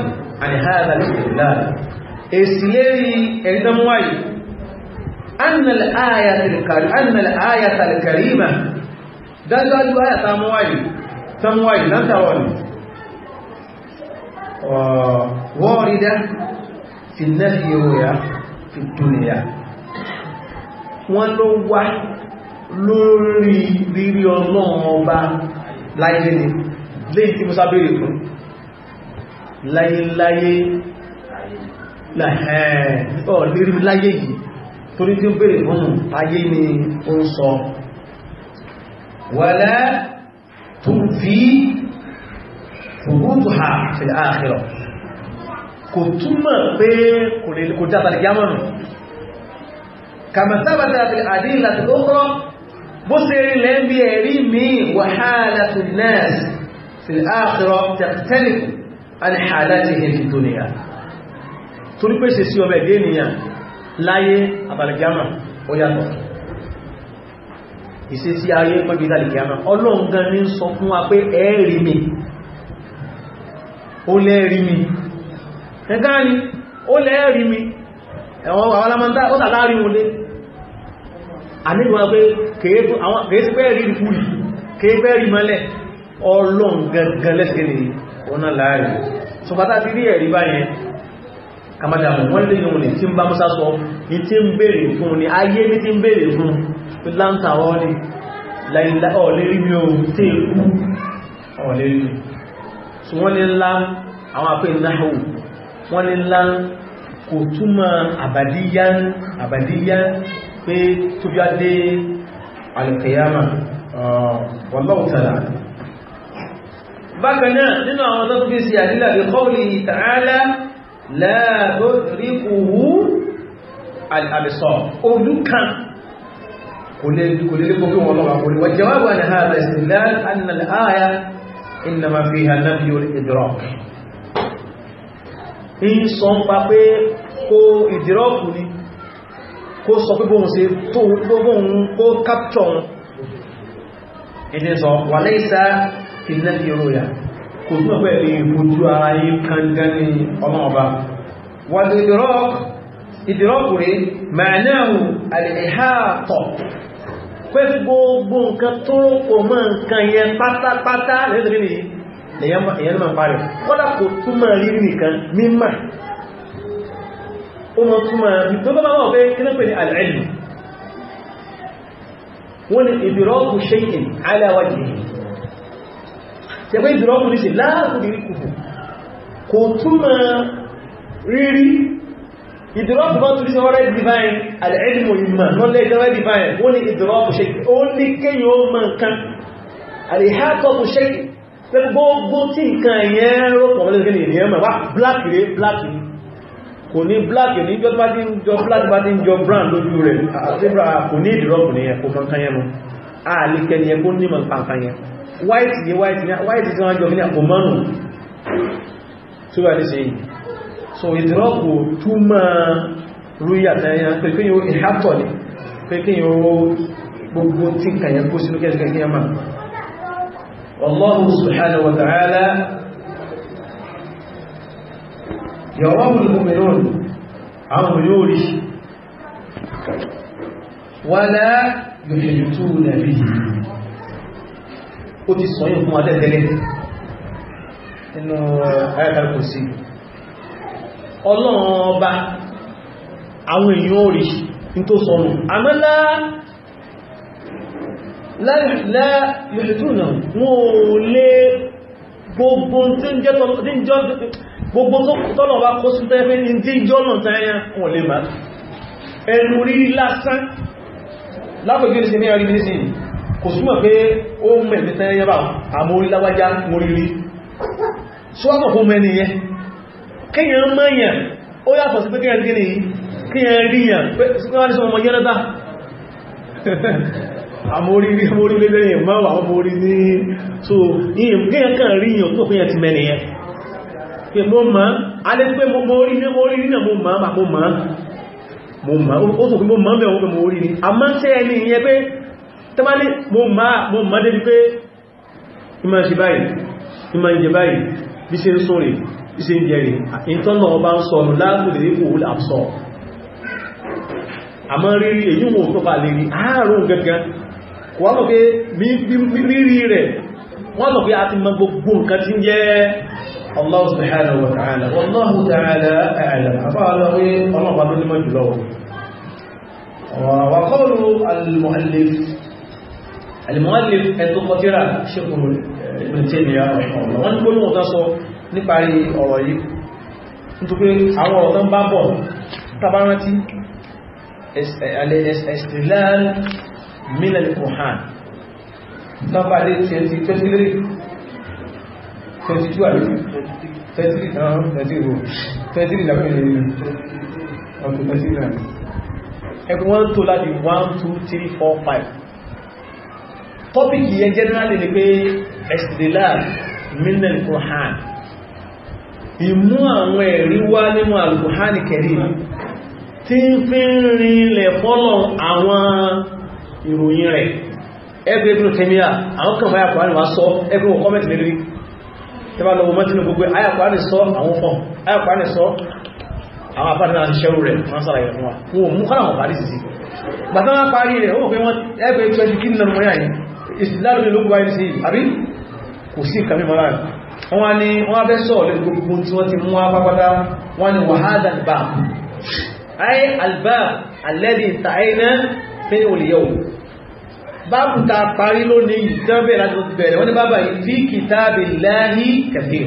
an hadha al-istidlal èsì lérí ẹ̀rìdánwáyì annal ayatul karima dájúdájú ayata mọ́wáyì tánwáyì látàrọ ni wọ́rídá fi náà fi yóò yá fi dúnìyà wọ́n ló wá lórí rírí ọlọ́run ọba láyé ni léyìí tí mo sábèrè fún láyé láyé ọ̀ lérí láyé yìí torí tí ó bèèrè fún ayé ni ó ń sọ wala tufi fòbútùhà fi ààkìrọ̀ kò túnmọ̀ pé kò dáta lè gámọ̀nù kàmàtàbàtà àti àdílà tó kọ́ bó ṣe rí lẹ́bí ẹ̀rí mi wàhálà tó nẹ́ẹ̀sì fi áàkìrọ tẹ̀tẹ̀lìkù alìhàlá ti hìn tó nìyà torí pé ṣe sí ọmọ ẹ̀dẹ́ ènìyàn láyé àbàlìgíàmà ó yàtọ̀ ìṣe sí ayé pẹ́bí ìdàlìgíàmà ọlọ́run gan ní sọ fún wa pé ẹ̀rí mi ó lẹ́rí mi ẹ̀gáà ó lẹ́rí mi ẹ̀wọ̀n àwọn alamọ́ta ó tàbí àríwọlé àníwọ̀n pé kèé pẹ́ rí fúrì kèé pẹ́ rí mọ́lẹ̀ ọlọ́n gangan lẹ́sẹ̀ ní ọ̀nà láàrin ti rí ẹ̀rí báyẹn kàmàdàmù wọ́n lè yíò ní tí ń bá mọ́sá sọ ní tí ń bèèrè fún ní ayé ní tí ń bèèrè fún láńtà ọ́lẹ́ ọ̀lẹ́rí mi ohun tí èkú ọ̀lẹ́rí so wọ́n ní ńlá àwọn àpé náà wọ́n ní ńlá kò túmọ̀ àbàdíyán pé tó bí alìkìyàmà wallahu ta'ala bákanáà nínú àwọn tó fi sí àdílà bí qawlihi ta'ala la tudrikuhu al-absar olùkan kò lè rí gbogbo wọn lọ́wọ́ àkórí wọ́n jawabu an hadha istidlal anna al-aya innama fiha nafyu al-idrak ń sọ pa pé kó ìdírọ́kù ni kó sọ pé bóhun ṣe tó gbóhun kó capture wọn ẹni sọ wà lẹ́ìsá ìlẹ́ ìròyà kò túnmọ̀ pẹ́ ìbójú ara yí kangan ní ọlọ́ọ̀bá wà ìdìrọ́kùnrin mẹ́ẹ̀nẹ́hù àlèhàtọ̀ pé gbogbo nǹkan tó kò mọ́ nǹkan yẹn pátápátá lẹ́yìn ọmọ túnmọ̀ tó bá wọ́n pé kí náà pè ní al'ilm wọ́n ni ìdìrọ́kù shay'in ala wajhihi ṣe pé ìdìrọ́kù ní ṣe láàkùnrin kùkù kò túnmọ̀ rírí ìdìrọ́kù bá tún sí ọ̀rẹ́ divine gbogbo tí nǹkan ẹ̀yẹn rọ̀pọ̀ mọ́lẹ́gbẹ̀rẹ̀ ìrìnàmà wá black rẹ̀ kò ní black ní jọ bá ti ń jọ black bá ti ń jọ brown lójú rẹ̀ àtibra kò ní ìdìrọ́pù ní ẹ̀kọ́ kankan yẹnu ààlìkẹ́ ni ẹkọ́ nímọ̀ kankan yẹn white ni white ni white tí wọ́n jọ ní àpò mọ́nù tí wà ní ṣe yìí so ìdìrọ́pù túmọ̀ rúyà tẹ́yẹn pé kí yóò ìhàtọ̀ ni pé kí yóò gbogbo tí kàyẹn kó sínú kẹ́ yọ̀wọ́ mùmìnún àwọn yóò rí wala yuhituna bihi ó ti sọ́yìn fún alẹ́tẹ́lẹ́ nínú uh, ayàtàkù sí ọlọ́run ọba àwọn èèyàn orí ní tó sọ́nù àmọ́lá láyìí tó náà wọ́n ò lè gbogbo tí ń jẹ́ gbogbo tọ́lọ̀ bá kó sí tẹ́fẹ́ ní tí jọ́nà tẹ́yàn wọ́n lè máa ẹnu rí lásán lápẹ̀gbẹ̀ ní sinmi ẹ̀rí nísìn kò súnmọ̀ pé ó mẹ̀mí tẹ́yàn bá àmórí lágbájá morírí ṣọ́pọ̀ fún mẹ́ni yẹn kíyàn mẹ́yàn ó yàtọ̀ sí pé kíyàn gíní kíyàn ríyàn pé síkọ́wà ní sọ ọmọ yẹ́rẹ́ta àmórí rí àmórí lẹ́lẹ́yìn máa wà àmórí ní so yíyàn kíyàn kàn ríyàn tó kíyàn ti mẹ́ni yẹn pé mo mọ́ alẹ́ pé mo rí ní orí nínà mo mọ́ bà mo mọ́ mo mọ́ ó sọ pé mo mọ́ bẹ̀rún pé mo rí ní a mọ́ tẹ́ ẹni ìyẹn pé tẹ́bá ní mo mọ́ débi pé ìmọ̀ ṣe báyìí ìmọ̀ ìjẹ báyìí bí ṣe ń sún rẹ̀ bí ṣe ń jẹ rẹ̀ ìtọ́nà ọba ń sọnù láàrùn lè kò wúlà sọ àmọ́ rírí èyí wọn tó bá lè rí ààrùn gẹ́gẹ́ wọ́n lọ pé rírí rẹ̀ wọ́n lọ pé a ti mọ gbogbo nǹkan tí ń jẹ́ Allah subhanahu wa ta'ala wallahu ta'ala a'lam afala wi Allah ba ni mo jùlọ wa qawlu al muallif al muallif eto qatira shukru ibn taymiya rahimahullah wan ko mo so ní parí ọ̀rọ̀ yìí nítorí àwọn ọ̀rọ̀ tan bá bọ̀ tá bá rántí istilal min al quran tá bá dé 2023 22 àbí 23 náà 23 23 lápẹ́ ní ọdún 23 náà ẹgbẹ́ wọ́n tó láti 1 2 3 4 5 tọ́pìkì yẹn generally ni pé ẹ̀sìdìláà minel Qur'an ìmú àwọn ẹ̀rí wá nínú al-Qur'an Karim tí ń fi ń rinlẹ̀ fọ́lọ̀ àwọn ìròyìn rẹ̀ ẹgbẹ́ Ibn Taymiyyah àwọn kan fáyà tẹ́bà lọ wọ́n mẹ́tínú gbogbo ayàkwáni sọ àwọn fọ́n ayàkwáni sọ àwọn afẹ́dá àti ṣẹ́rù rẹ̀ wọ́n sára ìrẹ̀ fún wa wọ́n mú kọ́nà wọ́n parí sí bàtà wọ́n parí rẹ̀ wọ́n pẹ́ wọ́n ẹgbẹ́ 20 kí nínú mọ́rin àyí ìsìláàlú ló gbọ́ ayé sí àbí kò sí kàmí mọ́ra wọ́n ni wọ́n fẹ́ sọ lórí gbogbo tí wọ́n ti mú apápátá wọ́n ni wàhálà albab ayé albab alẹ́dì tààyè náà fẹ́ òlìyàwó báàbù ta parí lónìí ìtẹ́bẹ̀ láti ọdún bẹ̀rẹ̀ wọ́n ní bábà ìfí kìtàbì láàrí kẹfẹ́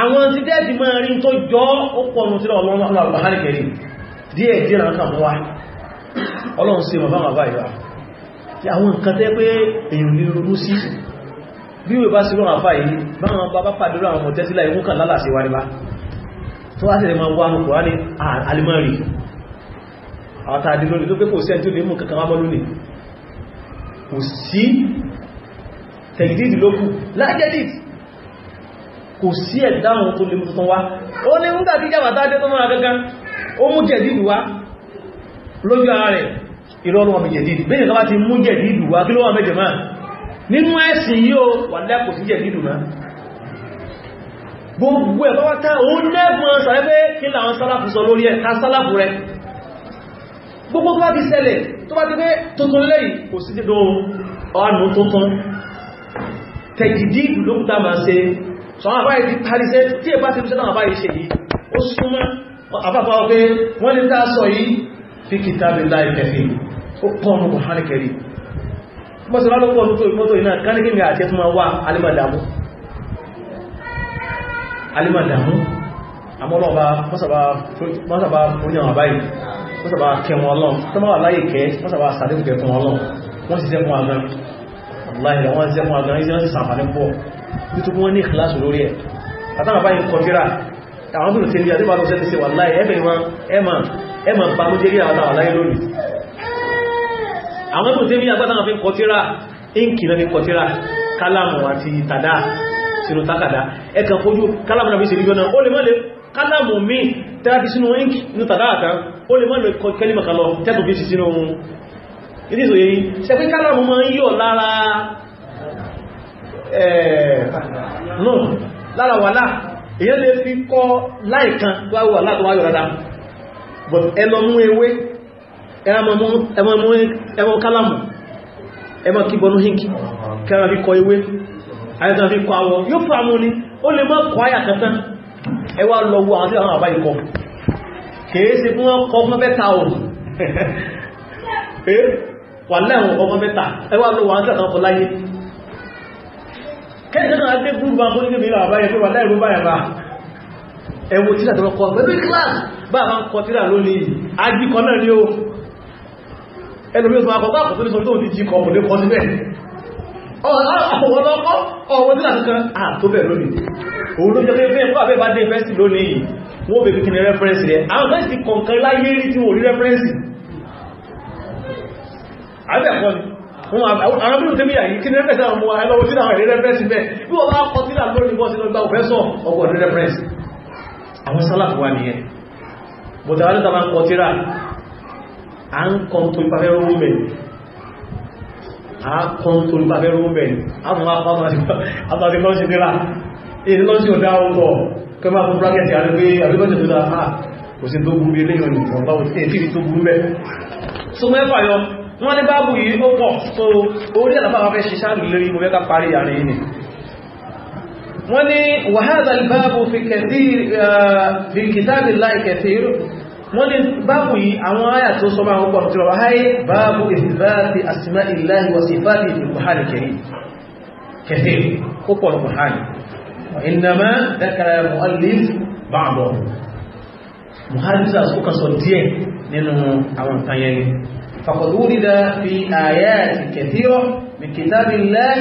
àwọn tí dẹ́ẹ̀dì máa rí tó jọ ó pọ̀nù sílẹ̀ ọlọ́run bí wèé bá sí rán àfá yìí báwọn bá bá pàdúrà àwọn ọ̀tẹ́sílá ìwọ́n kan lálàsí wà níbá tó wá sílẹ̀ ma wá mọ̀kọ̀ wá ní alimari àwọn tàbí lónìí tó pé kò sẹ́ntí lè mú kankan wá mọ́ lónìí kò sí tẹ̀gídìdì lókù lágẹ́dìd kò sí ẹ̀dáhùn tó lè mú tuntun wá ó ní ń gbà tí jàbàtà dé tó mọ́ra gangan ó mú jẹ̀dìdì wá lójú ara rẹ̀ ìrọ̀lọ́wọ́ mi jẹ̀dìdì bí nìkan bá ti mú jẹ̀dìdì wá kí ló wà mẹ́jẹ̀ máa nínú ẹ̀sìn yóò wà lẹ́kò sí jẹ̀dìdì máa gbogbo ẹ̀ bá wá tá ó lẹ́gbọ̀n sàrẹ́fẹ́ kí làwọn sálàfù sọ lórí ẹ̀ ká sálàfù rẹ̀ gbogbo tó bá ti ṣẹlẹ̀ tó bá ti pé tuntun lẹ́yìn kò sí dídó ọ̀nà tuntun tẹ̀jìdí lókúta máa ṣe sọ́nà àbáyé ti parí sẹ́ tí ẹ bá ti rúṣẹ́ náà àbáyé ṣe yìí ó súnmọ́ àbápa ọ̀pẹ́ wọ́n lè dá sọ yìí fi kìtà bí láì kẹfì ó pọ̀ ọmọ kò hàn kẹrì mọ́sí wá lọ́pọ̀ tó mọ́tò iná káníkìmì àti ẹtù máa wà alímọ̀dàmú alímọ̀dàmú àmọ́lọ́ọ̀bá mọ́sàbá forí àwọn wọ́n sàbá kẹ wọn lọ́n tó bá wà láyé kẹ́ wọ́n sàbá sàdébùkẹ́ fún wọn lọ́n wọ́n sì sẹ́kún àgbọn aláìlẹ̀ wọ́n sẹ́kún àgbọn ìṣẹ́ sì sàǹfàní pọ̀ nítorí wọ́n ní ìkìláṣù lórí ẹ̀ àtàwọn bá yìí kọfíra àwọn tó ti rí àdébà lọ sẹ́tẹ̀sẹ̀ wà láyé ẹ̀bẹ̀ wọn ẹ̀mà bá mú jẹ́rí àwọn aláyé lónìí àwọn tó ti rí àgbàtà wọn fi kọtíra ínkì náà fi kọtíra kálámù àti tàdá sínú tákàdá ẹ̀kàn fojú kálámù náà fi ṣe rí gbọ́nà tẹ́láti sínú ink inú tàdáàtà ó lè mọ́lù kẹlìmà kalọ̀ tẹ́tù bí sí sínú ìdíso yìí ṣe pé kálàmù ma ń yíò lára ẹ̀ẹ̀ lára wàlá èyàn lè fi kọ́ láìkan tó wáyé wàlá tó wáyé rádá but ẹmọ mú ewé ẹmọ kálàmù ẹmọ kíbọnú ink kẹrà fi kọ ewé ayẹ́ta fi kọ awọ ẹ wá lọ wo àwọn tí àwọn àbá ikọ̀ kìí ṣe fún ọkọ̀ ọmọ mẹ́ta o pé wà lẹ́wọ̀n ọmọ mẹ́ta ẹ wá lọ wọ́n tí àwọn ọkọ̀ láyé kẹ́ẹ̀ẹ́ náà dé gúrù bá fún ìgbìmọ̀ àbáyé pé wà lẹ́rù báyà bá ẹwọ tíra tó kọ pẹ̀lú kíláàsì bá bá ń kọ tíra lónìí ajíkọ náà ni ó ẹlòmí oṣù akọ̀ báàkọ̀ tó òun ló jẹ́ pé fún àbẹ́bá dé fẹ́sì lónìí yìí wọ́n bèbí kí ni rẹ́fẹ́rẹ́nsì rẹ̀ àwọn fẹ́sì kọ̀ọ̀kan láyé rí tí wọ́n rí rẹ́fẹ́rẹ́nsì àbẹ́ẹ̀kọ́ àwọn bí i tẹ́bí àyí kí ní rẹ́fẹ́sì àwọn ọmọ ẹlọ́wọ́ tí àwọn rẹ́fẹ́sì bẹ́ẹ̀ bí wọ́n bá kọ́ tí àwọn lórí bọ́sí lọ́gbà òfẹ́sọ̀ ọgbọ̀n rẹ́fẹ́sì àwọn sálàfù wà nìyẹn bọ̀tàwálẹ́ tàbí kọ́ tíra à ń kọ́ tó ìpàfẹ́ rúmẹ̀ à ń kọ́ tó ìpàfẹ́ rúmẹ̀ èyí lọ sí ọ̀dá ọkọ̀ kọmá fún bracket yà rí pé àbíkọ́jẹ̀ tó dáa ah, kò sí tó gún bí ilé ìrìn ìwọ̀n báwọn tí èyí tó gún mẹ́ so mẹ́fà yọ wọ́n ní báàbù yìí so orí àlàfà fẹ́ ṣe sáàrù lórí mo fẹ́ ká parí àárín yìí wọ́n ní wàhálà báàbù fi kìtàbí láì kẹfẹ́rù wọ́n ní báàbù yìí àwọn àyà tó sọ máa ń pọ̀ tí wọ́n háyé báàbù ìfìbáàbì asìmá ìlàhì وإنما ذكر المؤلف بعضه مؤلف سأسوك صدية لأنه عوان تانيين فقد ورد في آيات كثيرة من كتاب الله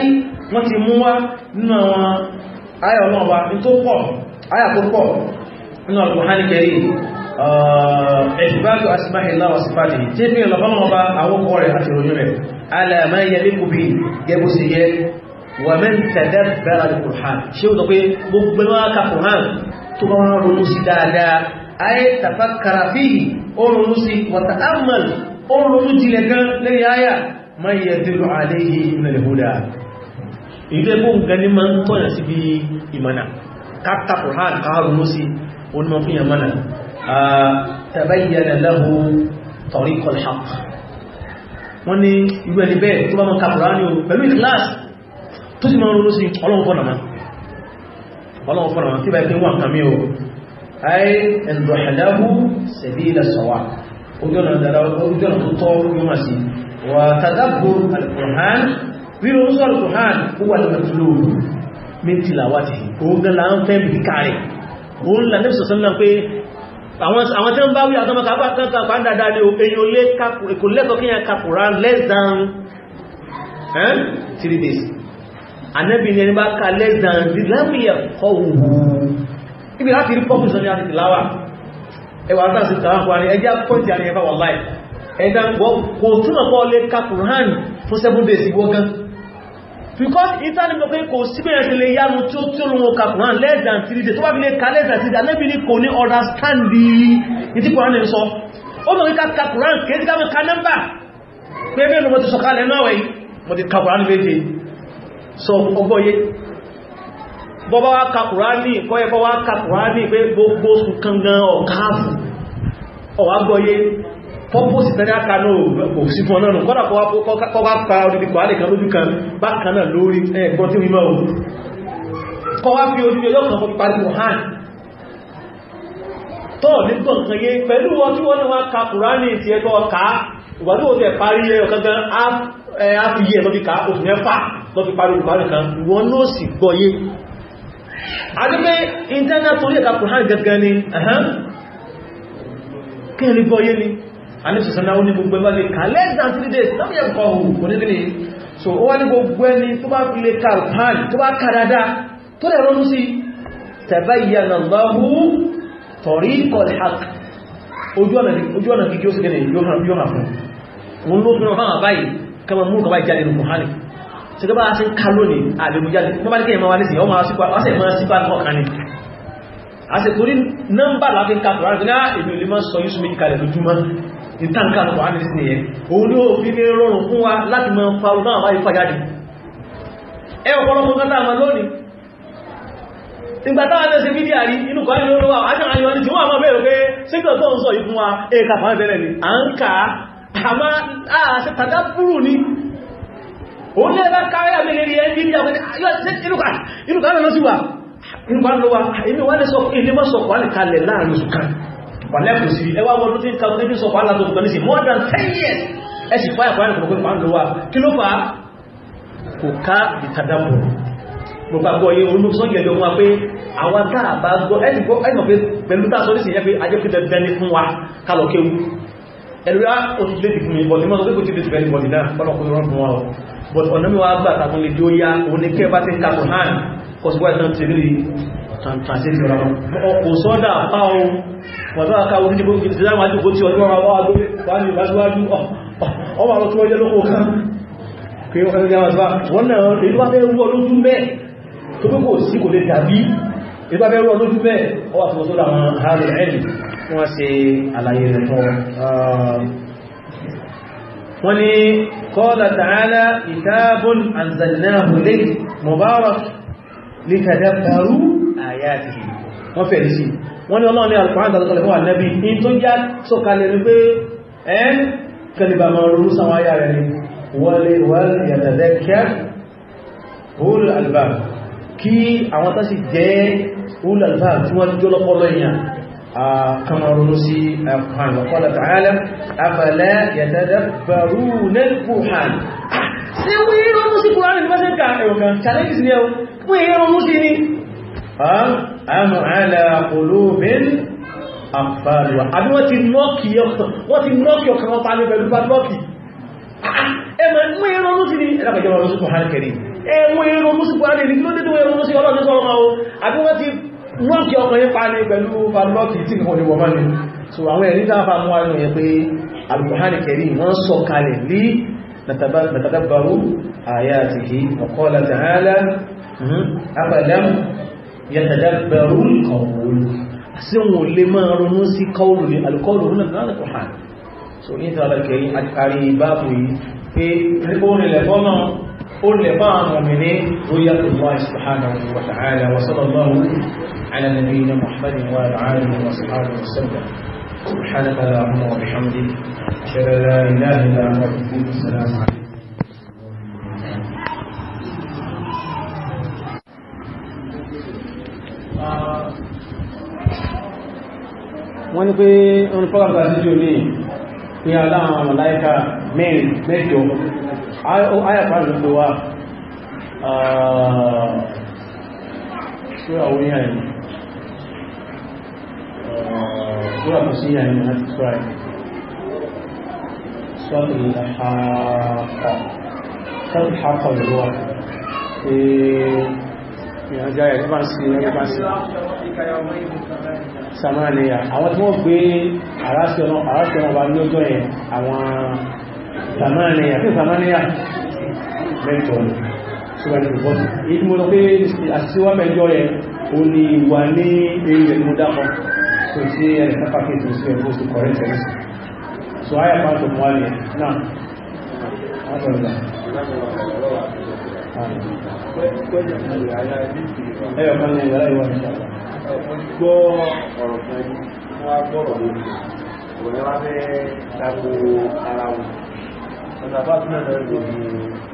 وتموى إنه آية الله من تقوى آية تقوى إنه القرآن الكريم إثبات أسماء الله وصفاته تفعل الله أو قوله أتي رجوله على ما يليق به يبسيه wàmẹ́n tẹ̀dẹ̀ bẹ́ra ní kùrán ṣe ó sọ pé gbogbo wọn ká kùrán tó bá wọn ronú sí dáadáa ayé tàfàkàrà fíì ó ronú sí wàtà ámàl ó ronú jìlẹ̀ gan lẹ́yìn ayá máa yẹ dèrò àléyé ìmìnàlẹ̀ húdà ilé gbóhùn gani máa ń tọ́yà sí bí ìmànà káta kùrán ká ronú sí onímọ̀ fún yàmánà tàbáyẹ̀nà lẹ́hùn tọ̀ríkọ̀lá wọ́n ni ìwẹ̀ ni bẹ́ẹ̀ tó bá mọ́ kàkùrá ní o pẹ̀lú ìkìláàsì tó sì máa ronú sí ọlọ́run fọ́nàmá ọlọ́run fọ́nàmá tí bá ẹgbẹ́ wọn kàmí o ayé ẹ̀ndọ̀hẹ̀lẹ́hù sẹ̀bí ilẹ̀ àwọn tí ó ń bá wí àtọ́mọ́ kàbá kankan pa ń dáadáa ní èyàn lé kò lẹ́kọ̀ọ́ kíyàn kàkùrá less than 3 days anẹ́bì ní ẹni bá ká lẹ́sàn ìdílámìyà kọwùú ibi láti rí pọ́pùsọ ní àti ìláwà ẹwà náà sí tàwọn àwọn ẹjá pọ́ntì àrí ẹfà wà láì ẹ̀dá kò túnmọ̀ pọ́ lé ka Kùránì fún seven days ìwọ́gán because ìtàní pọ̀ pé kò síbẹ̀rẹ̀ sí lè yánu tí ó tún lóun ka Kùránì lẹ́sàn tí lè tó bá fi lè ka lẹ́sàn tí anẹ́bì ní kò ní ọ̀dàstándì ìtí Kùránì sọ ó mọ̀ kíkà ka Kùránì kéjì ká mọ̀ ka nọ́mbà pé bẹ́ẹ̀ lọ mọ̀ ti sọ̀kalẹ̀ náà wẹ̀ mọ̀ sọ ọgbọ́yé bọ́bá wá ka kùránì kọ́yẹ bọ́ wá ka kùránì pé gbogbo kankan ọ̀káàfù ọ̀wá gbọ́yé pọ́pọ́sì tẹ́lẹ̀ aka náà kò sí fún ọlọ́run kọ́dà kọ́ bá pa odidi kùránì kan lójú kan bákan náà lórí ẹgbọ́n tí wímọ̀ ohun kọ́ wá fi ojú ẹyọ́ kan fọ́pí parí mohan tọ́ nígbọ̀n kan yé pẹ̀lú wọn tí wọ́n wá ka kùránì ti ẹgbọ́ ọ̀ká ìwàdí lọ fi parí ìgbàrí kan wọn ló sì gbọ́yé adúgbé internet orí ẹ̀ka kùnhán gẹ́gẹ́ ni ẹ̀hán kí ní gbọ́yé ni a ní ṣùsànà ó ní gbogbo ẹgbẹ́ lè kà less than three days lọ́pọ̀ yẹ kọ̀ ohun kò ní gíní so ó wá ní gbogbo ẹni tó bá fi lè ka kùnhán tó bá ka dáadáa tó lè ronú sí tabayyana Allahu tariqal haqq ojú ọ̀nà gidi ó sì gẹ́ni yóò hàn fún wọn ló fi rán fáwọn báyìí kama mú kaba jáde nù kùnhán ṣùgbọ́n bá ṣe ń ká lónìí àlèmújáde wọ́n bá ní kí ẹ̀mọ́ wa ní sí ọmọ ọ̀sẹ̀ mọ́ sípà lọ́kàn ní àṣẹ̀kùnrin nọ́mbà láti kàtàrà ní èmi olè máa sọ yíṣù méjì kalẹ̀ lójúmọ́ ní tánkà lọ́pọ̀ ánìsí ni ẹ̀ òun ní òfin ní rọrùn fún wa láti mọ́ parú náà wáyé fàjáde ẹ ọ̀pọ̀lọpọ̀ kátà àmà lónìí ìgbàtà àti ẹsẹ̀ mídíà rí inú kan ní olówà àti àyọ̀ ní jíwọ́n àmọ́ bẹ̀rẹ̀ pé sígbọ̀ tó ń sọ yìí fún wa ẹ̀ẹ́kà fàáfẹ́lẹ̀ ni ni òun lè bá káyà mẹ́lẹ̀ rí ẹni bí àwọn inú kan lọ sí wà inú kan lọ wà inú wà lè sọ ilé mọ́ sọ wà lè kalẹ̀ láàrin oṣù kan wà lẹ́kùn sí ẹwà wọn ló ti ń kàwọn ní sọ wà látọ̀ nǹkan nísì more than 10 years ẹ sì fáyà fáyà nǹkan kan lọ wà kí ló fà kò ká ìtàdàpọ̀ gbogbo àgbọ̀ yìí olùsọ́yẹ̀ ló wá pé àwọn táà bá gbọ́ ẹni gbọ́ ẹni mọ̀ pé pẹ̀lú táà sọ ní ìsìnyẹ́ pé ajẹ́kùn dandan ní fún wa kálọ̀ kéwú ẹ̀rọ òtìlẹ́dì fún mi bọ̀ ní mọ́ sọ pé kò ti lè ti bẹ̀rẹ̀ bọ̀ nìdá pọ́lọ̀kùn rọ́n fún wa ọ̀ but ọ̀nà mi wá gbà tàbí lè jó yá òun ní kẹ́ bá ti ń ka kò hàn kọ̀síwá ìtàn ti rí translate ọ̀rọ̀ kò sọ́dà fáwọn wàtọ́ àká orí ní gbogbo ìdílé àwọn àjòkó tí ọdún ọmọ wá lórí wá ní ìbájúwájú ọmọ àwọn tí wọ́n jẹ́ lókò kan pé wọ́n kẹ́kẹ́ wọ́n bá wọ́n náà èyí wá bẹ́ẹ̀ rú ọlójú mẹ́ tó bí kò sí kò lè dàbí èyí wá bẹ́ẹ̀ rú ọlójú mẹ́ ọwà tó sọ́dà àwọn ààrẹ ẹ̀lì wọ́n ṣe àlàyé rẹ̀ fún wọn ni قال تعالى كتاب أنزلناه لك مبارك لتدبروا آياته wọ́n fẹ̀rí sí wọ́n ni ọlọ́run ní alkùnrin àtàlẹ́kọ̀lẹ̀ fún ànẹ́bí in tó já sọ́kalẹ̀ ní pé ẹn kẹlìbà ma rú sáwọn ayá rẹ̀ ní wọlé wọ́n yàtàdẹ́ kẹ́ hul albab kí àwọn tásì jẹ́ كما رنسي القرآن وقال تعالى أفلا يتدبرون القرآن ṣe wọ́n yẹ́ rọrún sí kòrán ní mọ́sán ká ẹ̀rọ̀kan challenges ni ẹ̀wọ̀n wọ́n yẹ́ rọrún sí ní àmà aláàkòlóbin àpàlùwà àbí wọ́n ti nọ́kì ọkàn wọ́n ti nọ́kì ọkàn wọ́n pàálù pẹ̀lú padlọ́kì ẹ̀mọ̀ wọ́n yẹ́ rọrún sí ní ẹ̀rọ̀kàjọ́ rọrún sí kòrán kẹrin lọ́kì ọkùnrin pa ní pẹ̀lú lọ́kì tí nìkan ní wọ́mọ́ ni so àwọn ẹ̀rí dáfà mú àwọn yẹn pé alùpùhánì kẹrí wọ́n sọ kalẹ̀ lí nàtàdàbàrú àyàtìkì ọ̀kọ́lá tààlà abàdàm yàtàdàbàrú kọ̀wọ̀lù sí wọn lè máa ronú sí kọlù ní alùkọlù náà كل طعم منين رؤية الله سبحانه وتعالى وصلى الله على نبينا محمد وعلى آله وصحبه وسلم سبحانك اللهم وبحمدك أشهد أن لا إله إلا أنت السلام عليكم wọ́n ní pé wọ́n ní fọ́gbàgbà sí jù ní pé aláwọn mọ̀láíkà mẹ́rin mẹ́jọ ayàpá ló ló wá ṣúra orí àìyàn ṣúra kò sí àìyàn láti ṣúra ẹ̀ ṣọ́tù ìlàṣàkọ̀ ṣọ́tù ìlàṣàkọ̀ ló wá ìrìnàjá ẹ̀ bá sí ẹgbẹ́ bá sí samaniya àwọn tí wọ́n gbé àráṣẹ́ ọ̀nà bá ní ọjọ́ ẹ̀ àwọn samaniya fún samaniya mẹ́jọ ni síwájú ìbọ́ èyí tí mo lọ pé àṣíwá mẹ́jọ yẹn o ni wà ní eré mo dákọ tó sí ẹni sápá kí tó sí so àyà máa tó mọ́ alẹ́ náà látọ̀lá ẹ̀yọ̀ kan ní ìyàrá ìwà ìṣàlá gbọ́ ọ̀rọ̀ kan wọ́n á gbọ́rọ̀ lórí òun ni wọ́n fẹ́ tako ara wọn ẹ̀rọ àbá tí mẹ́rin ló ní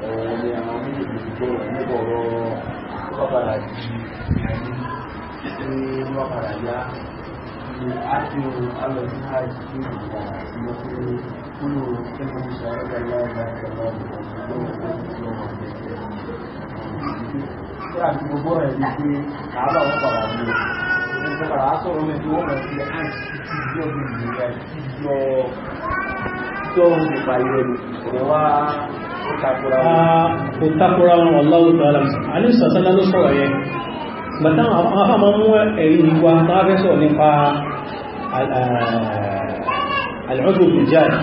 ọ̀wọ̀ ni àwọn méjèèjì ti gbọ́ nípa ọ̀rọ̀ ọ̀pàdà jì ṣe ọ̀pàdà yá ni a ti ń alọ̀ sí àìsí ní ìgbà àti mo fi kúrò ẹgbẹ́ mi sọ̀rọ̀ ẹgbẹ́ ìyá ìgbà ìjọba ìgbà ìgbà ìjọba ìgbà àti gbogbo rẹ̀ ní pé àárọ̀ wọn pàdà ní ẹgbẹ́ pàdà á sọ̀rọ̀ mẹ́tò wọn jọ òun ìpa ìrẹ̀ ọ̀rọ̀ wá kò takora wọn ọ̀láwọ̀ tó alamsa alìsàtàlá ló sọ̀rọ̀ yẹ bàtà àwọn afáàmà mú ẹ̀rí nípa tàbí sọ̀rọ̀ nípa alìhọ́dù ìjáde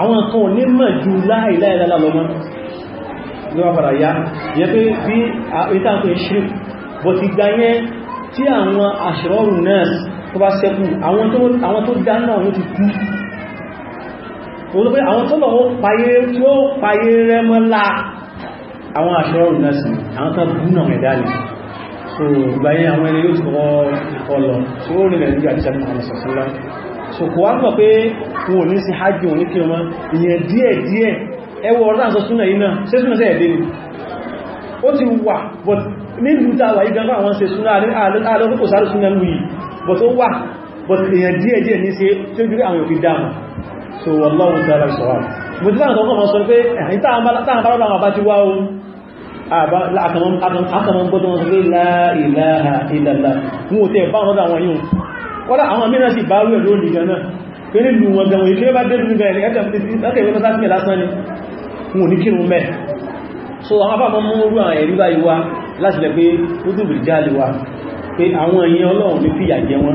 àwọn kan ò ní mọ̀ ju láìláìlá lọ́mọ́ ní wọ́n padà yá yẹ pé bí ìtàkùn ìṣirò bọ̀ ti gbá yẹn tí àwọn àṣírọ́rù náà tó bá sẹ́kù àwọn tó dá náà wọ́n ti kú òun pé àwọn tó lọ́wọ́ payé tí ó payé rẹ mọ́lá àwọn àṣọ́rùn náà sí àwọn tó gúnnà ẹ̀dá ni so gbáyé àwọn ẹni yóò ti kọ́ ìkọlọ̀ tí ó rìnlẹ̀ nígbà tí sẹ́fún àwọn sọ̀sọ́lá so kò wá mọ̀ pé wọn ò ní sí hajj wọn ní kí wọn ìyẹn díẹ̀ díẹ̀ ẹwọ ọ̀rọ̀ àṣọ súnà yìí náà ṣe súnà sí ẹ̀dẹ́ ni ó ti wà but nílùú ta wà yìí gan fún àwọn ṣe súnà alọ́kùnkùn sáré súnà lù yìí but ó wà but èèyàn díẹ̀ díẹ̀ ní ṣe tí ó jírí àwọn òfin dáàmù so wallahu ta'ala sọ́wọ́ mo ti láàrín ọkọ̀ ma sọ pé ẹ̀yìn táwọn bára wọn bá ti wá ohun akàmọ́ gbọ́dọ̀ wọn sọ pé la ilaha illallah mú ò tẹ́ bá wọn dà wọn yíò kọ́lá àwọn mìíràn sì bá rẹ̀ lónìí gánà pé nílùú wọn gan ìfẹ́ bá dé nínú gẹ̀ẹ́lì ẹ̀kẹ́ so àwọn bá mọ́ mú àwọn ẹ̀rí báyìí wá láti lẹ pé ó dùbìrì jáàlì wá pé àwọn èèyàn Ọlọ́run ní fìyà jẹ wọn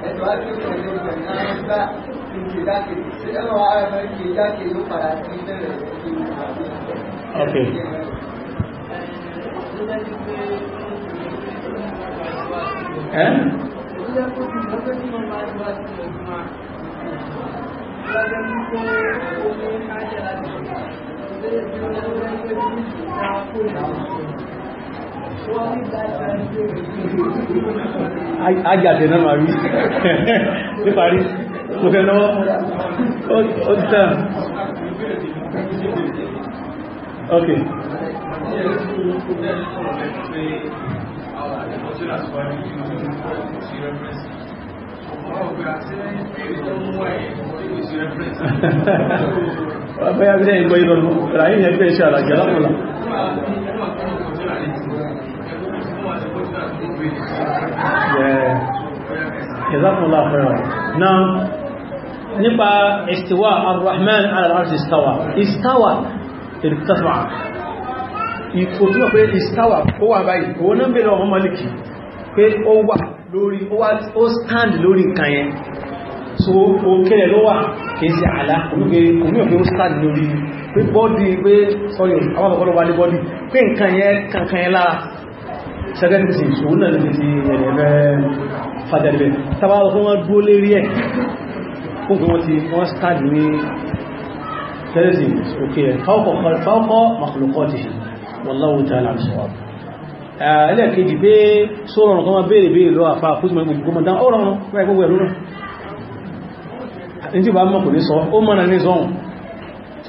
تؤكد وجود المناعة في ذاك السلم وعلى في ذاك الوقت في اوكي ajáde náà ma rí ní parí mo fẹ́ náwọ́ ó ti tẹ́ ok Ọ̀pẹ́ abúlé ìgbọ́ ìrọ̀lú, ràí ẹgbẹ́ iṣẹ́ àràjẹ́ lọ́pùlá. Jazakumullahu khairan. Now, nípa istiwa ar-Rahman al-Arsh istawa. Istawa irtafa. Ìkò tí wọ́n pé istawa ó wà báyìí, owó náà bèèrè ọmọ Maliki pé ó wà lórí, ó stand lórí nǹkan So, ó kéré ló wà kéèsì àlá, omi òfin ó stand lórí pé bọ́dì pé, sorry, àwọn ọ̀pọ̀lọpọ̀ wà ní bọ́dì, pé nǹkan yẹn second thing òun náà lè ti ẹ̀rẹ̀ fàjẹ̀lẹ̀ tàbátà fún wọ́n dúó lérí ẹ̀ fún kí wọ́n ti wọ́n start ní third thing okay fáwọ́kọ̀ fáwọ́kọ̀ makhlukọ́tì wallahu ta'ala sọ́wọ́ ẹlẹ́ẹ̀kejì pé sóòrùn kan máa béèrè béèrè lọ àfáà fún ìmọ̀ ìgbogbo mọ̀dá ọ̀rọ̀ ọ̀rọ̀ pẹ́ gbogbo ẹ̀rọ náà ní tí bá mọ̀ kò ní sọ ó mọ̀nà ní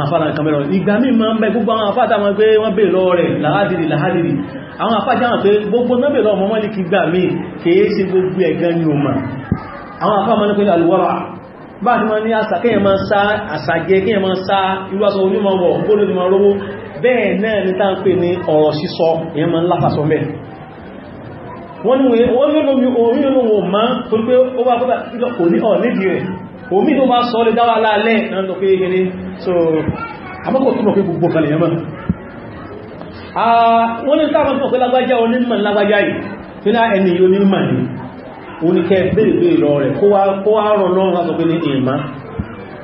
àfàdà kàmẹ́rọ̀ ìgbà mí ma ń bẹ gbogbo àwọn àfàdà wọn pé wọ́n bèèrè lọ rẹ̀ làádìrí làádìrí àwọn àfàdà wọn pé gbogbo náà bèèrè ọmọ mọ́lì kí gbà mí kèé sí gbogbo ẹ̀gán ni o mà àwọn àfàdà wọn pé alùwọ́rà bá ti wọ́n ní àsàkẹ́yẹ̀ máa sá àsàjẹ́ kéyẹ̀ máa sá irú aṣọ onímọ̀ wọ̀ kóló ni máa rówó bẹ́ẹ̀ náà ni tá ń pè ní ọ̀rọ̀ sísọ èyàn máa ń láfàsọ mẹ́ wọ́n ní wọ́n ní orí olóhun ò máa tó pé ó wá kọ́ta kò ní ọ̀ nídìí rẹ̀ omi tó bá sọ lè dáwà láàlẹ́ náà tó pé gẹ́rẹ́ so àbọ́kọ̀ túnmọ̀ pé gbogbo kalẹ̀ yẹmọ́ wọ́n ní táwọn tó pé lágbájá onímọ̀ lágbájá yìí tí náà ẹni yóò ní mà ní oníkẹ́ bèèrè lọ rẹ̀ kó wá rọ̀ lọ́rùn láti pé ní ìmá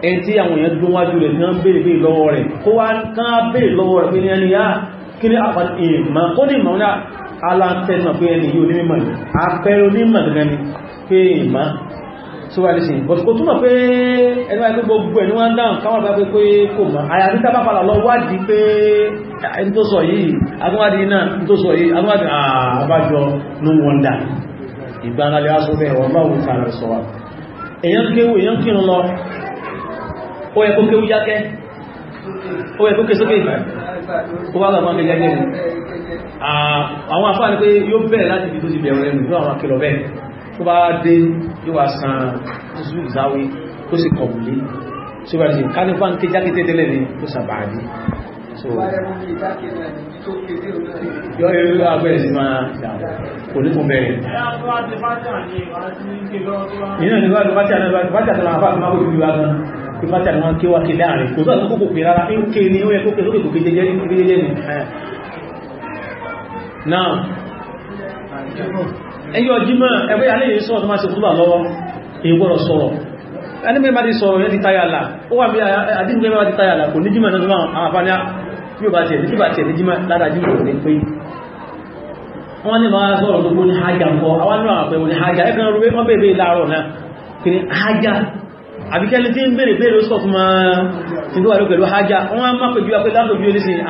ẹni tí àwọn èèyàn dún wájú rẹ̀ náà bèèrè lọ́wọ́ rẹ̀ kó wá kán bèèrè lọ́wọ́ rẹ̀ pé ní ẹni yá kí ìmá síwáyìísìn but kò túnmọ̀ pé ẹni wáyé pé gbogbo ẹni wọ́n dáhùn káwọn bá pé pé kò mọ̀ àyàbí tá bá padà lọ wádìí pé ẹni tó sọ yìí agbọ́nwádìí náà tó sọ yìí agbọ́nwádìí àbájọ no wonder ìgbànalẹ̀ aṣọ bẹ́ẹ̀ wọ́n báwọn ìtàrẹ sọ wa èyàn kéwù èyàn kírun lọ ó yẹ kó kéwù yákẹ́ ó yẹ kó ké sókè ó wá gbàgbọ́n mi gẹ́gẹ́ àwọn afáàní pé yóò bẹ̀rẹ̀ láti tó bá dé yóò wá san zú ìzáwé tó sì kọ̀ wùlé so bá ṣe kánífà ń ké jákété tẹ́lẹ̀ ní tó sàbàájí so yọ eré agbẹ́rẹ̀ sí máa kò ní fún bẹ̀rẹ̀ ìyẹn ni wọ́n bá tí àtàrà àfáà tó máa kó ìlú agan tó bá tí àtàrà wọn kéwà ké láàrin kò tó àtàkókò pè rárá ń ké ní ó yẹ kókè lókè kókè jẹjẹ ní ẹyọ jímọ̀ ẹgbẹ́ alẹ́ yìí sọ́rọ̀ tó máa ṣe fúlà lọ́wọ́ ègbọ́rọ̀ sọ̀rọ̀ ẹnìmẹ́ bá ti sọ̀rọ̀ yẹn ti tayàlà ó wà bí adínúgbẹ́ bá ti tayàlà kò ní jímọ̀ náà lọ́wọ́ àwọn afáníà tí ó bá tiẹ̀ tí bá tiẹ̀ ní jímọ̀ lára jímọ̀ rẹ̀ pé wọ́n ní máa sọ̀rọ̀ gbogbo ní hajj ńkọ́ àwọn ma ti tó wà ló pẹ̀lú hajj wọ́n á má pẹ̀lú apẹ́ látòjú ẹlẹ́sìn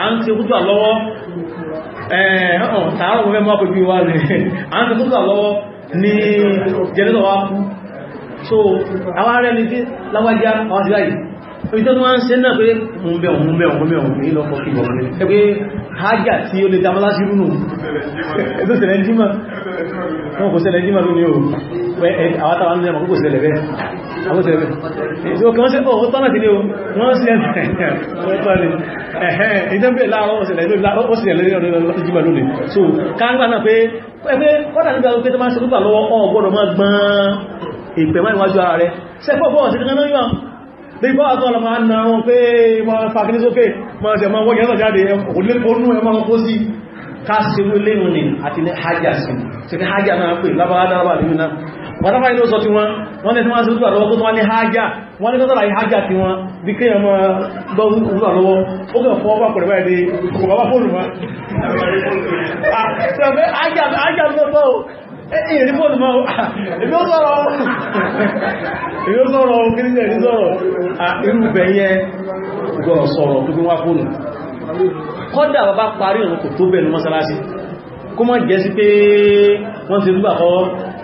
tààrùn mẹ́mọ́ àpẹbí wà rẹ̀ àwọn tó tó lọ́wọ́ ní jẹ́lẹ́lọ́ wá kú so àwọn arẹ́ ni tí láwájá àwọn síláyì orí tó wọ́n ń se náà pé mún bẹ̀ òun mẹ́ òun mẹ́ òun ní lọ́pọ̀ kí wọ́n ní ẹgbẹ́ hajjá tí ó lè dá mọ́lá sí rúnù ẹ̀tọ́ sẹ̀lẹ̀ jímọ̀ wọn kò sẹ̀lẹ̀ jímọ̀ lónìí o àwọn tàbí ẹ̀mọ̀ kò sẹ̀lẹ̀ bẹ́ẹ̀ àwọ́sẹ̀lẹ̀ ìṣò kan sí ọ̀wọ́ tánà sí ní o wọ́n sí ẹ̀hẹ́ ìdẹ́bẹ̀ láàrọ̀ ọ̀sẹ̀lẹ̀ bí bá àtọ́ ọlọ́mà ń náà wọn pé ma fàkiri sókè ma ṣe ma wọ́n yẹ́sọ̀ jáde olóòrùn ẹmà wọn kó sí ká sí ilé àti ní hajjá sí ṣe ní hajjá náà pè lábára dára wọ́n tàbí ló sọ tí wọ́n wọ́n lè tí wọ́n sí rúgbà lọ́wọ́ tó wọ́n ní hajjá wọ́n ní tọ́tàrà hajjá tí wọ́n bí kí ẹmọ lọ́rúgbà lọ́wọ́ ó kẹ́ fọ́ bá pẹ̀lẹ̀ báyìí kò bá fóònù wọn èyí fóònù mọ́ èyí ó sọ́rọ̀ èyí ó sọ́rọ̀ kí ní ẹ̀rí sọ́rọ̀ irúgbẹ̀ yẹn gbọ́rọ̀ sọ̀rọ̀ tó fi wá fóònù kọ́dà bàbá parí ọ̀rọ̀ kò tó bẹ̀rẹ̀ mọ́sálásí kó mọ́ jẹ́ sí pé wọ́n ti rúgbà kọ́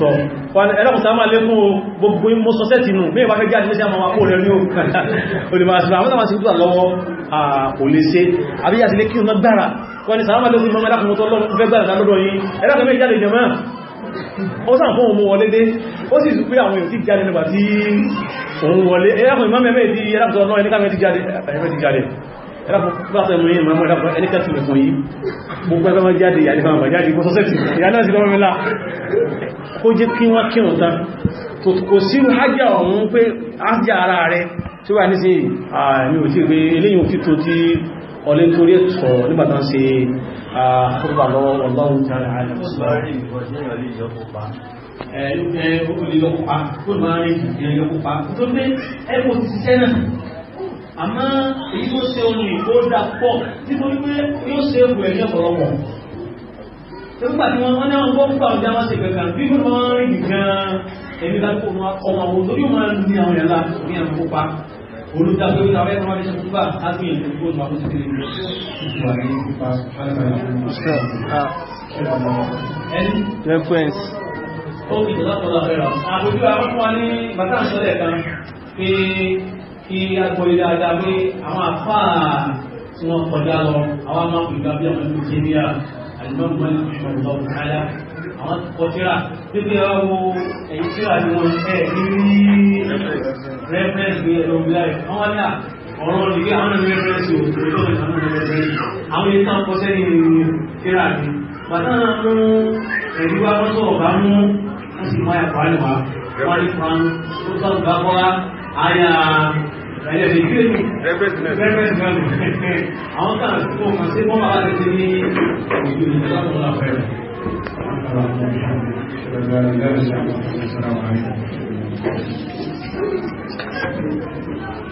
tọ́ ẹlọ́pùsá máa lé fún gbogbo mọ́ sọ́sẹ́tì nù bí ìbá fẹ́ jáde lé sí àmà wapó rẹ̀ ní olùmọ̀sílá àwọn àwọn síjú àlọ́wọ́ àpòlẹ́sẹ́ àbíyàsí lé kí o náà gbára wọ́n ni sàrámà lẹ́fún mọ́mọ́ ẹlọ́pùn tó lọ́rùn fẹ́ gbára lọ́dọ̀ yìí ẹlọ́pùn mẹ́ jáde jẹmọ́ ó sàn fún òun wọlé dé ó sì pé àwọn èèyàn ti jáde nígbà tí òun wọlé ẹlọ́pùn ìmọ́mẹ́ mẹ́ ti ẹlọ́pùn tó lọ́rùn ẹni ká mẹ́ ti jáde kò sí hajjá ọ̀hún pé hajjá ara rẹ̀ tí wà ní sí àmì òtí pé eléyìn òfin tó tí ọlé torí ẹ̀tọ̀ nígbàtán sí àkọ́kọ́ lọ́wọ́ ọlọ́run tààrà ààrẹ ẹ̀ẹ́dẹ́gbẹ̀ẹ́ olùyọkùpa tó máa rí ìyẹn yọkùpa tó gbé ẹ̀kọ́ ti ṣiṣẹ́ náà àmọ́ èyí tó ṣe ohun ìkó pọ̀ tí mo rí yóò ṣe é wẹ̀ ní ọ̀pọ̀lọpọ̀ nígbà tí wọ́n náà gbọ́ púpọ̀ àwọn jáwá ṣe kankan bí wọ́n máa ń rìn gan ẹ̀mí bá kó ọmọ àwọn olórí wọn ní àwọn ẹ̀la ní àwọn kópa olùdarí orí àwọn ẹ̀rọ ẹ̀ṣẹ̀ kúbà láti ìlú tó ti kéré ní reference. àbójú àwọn fún wa ní bàtà ìṣọ́lẹ̀ kan pé kí agbóyè dáadáa pé àwọn àfáà tí wọ́n kọjá lọ àwọn amákùnrin gbà bí àwọn ìgbésẹ̀ ní àlùmọ́ọ̀mọ́ ìṣòro ọ̀gá àwọn kọtíra pípẹ́ ọwọ́ ẹ̀yí tí wà ní wọn ẹ̀ ní rẹ́fẹ́rẹ́sì ẹ̀lọ́gbìláì wọ́n ní ọ̀rọ̀ olùgbé àwọn rẹ́fẹ́rẹ́sì òṣèrè àwọn rẹ́fẹ́rẹ́sì àwọn ilé tán kọsẹ́ ní kíra ní bàtánà mú ẹ̀rí wá lọ́sọ̀ ọ̀gá mú wọ́n sì máa ẹ̀kọ́ àlùwá wọ́n ní kan tó sọ̀gbà kọ́ra àyà ẹ̀jẹ̀ lè gbé mi rẹ́fẹ́sìmẹ́sì àwọn kan àti fún ọmọ sí wọ́n máa lè ti ní ìlú ìjọba àfẹ́ Thank you.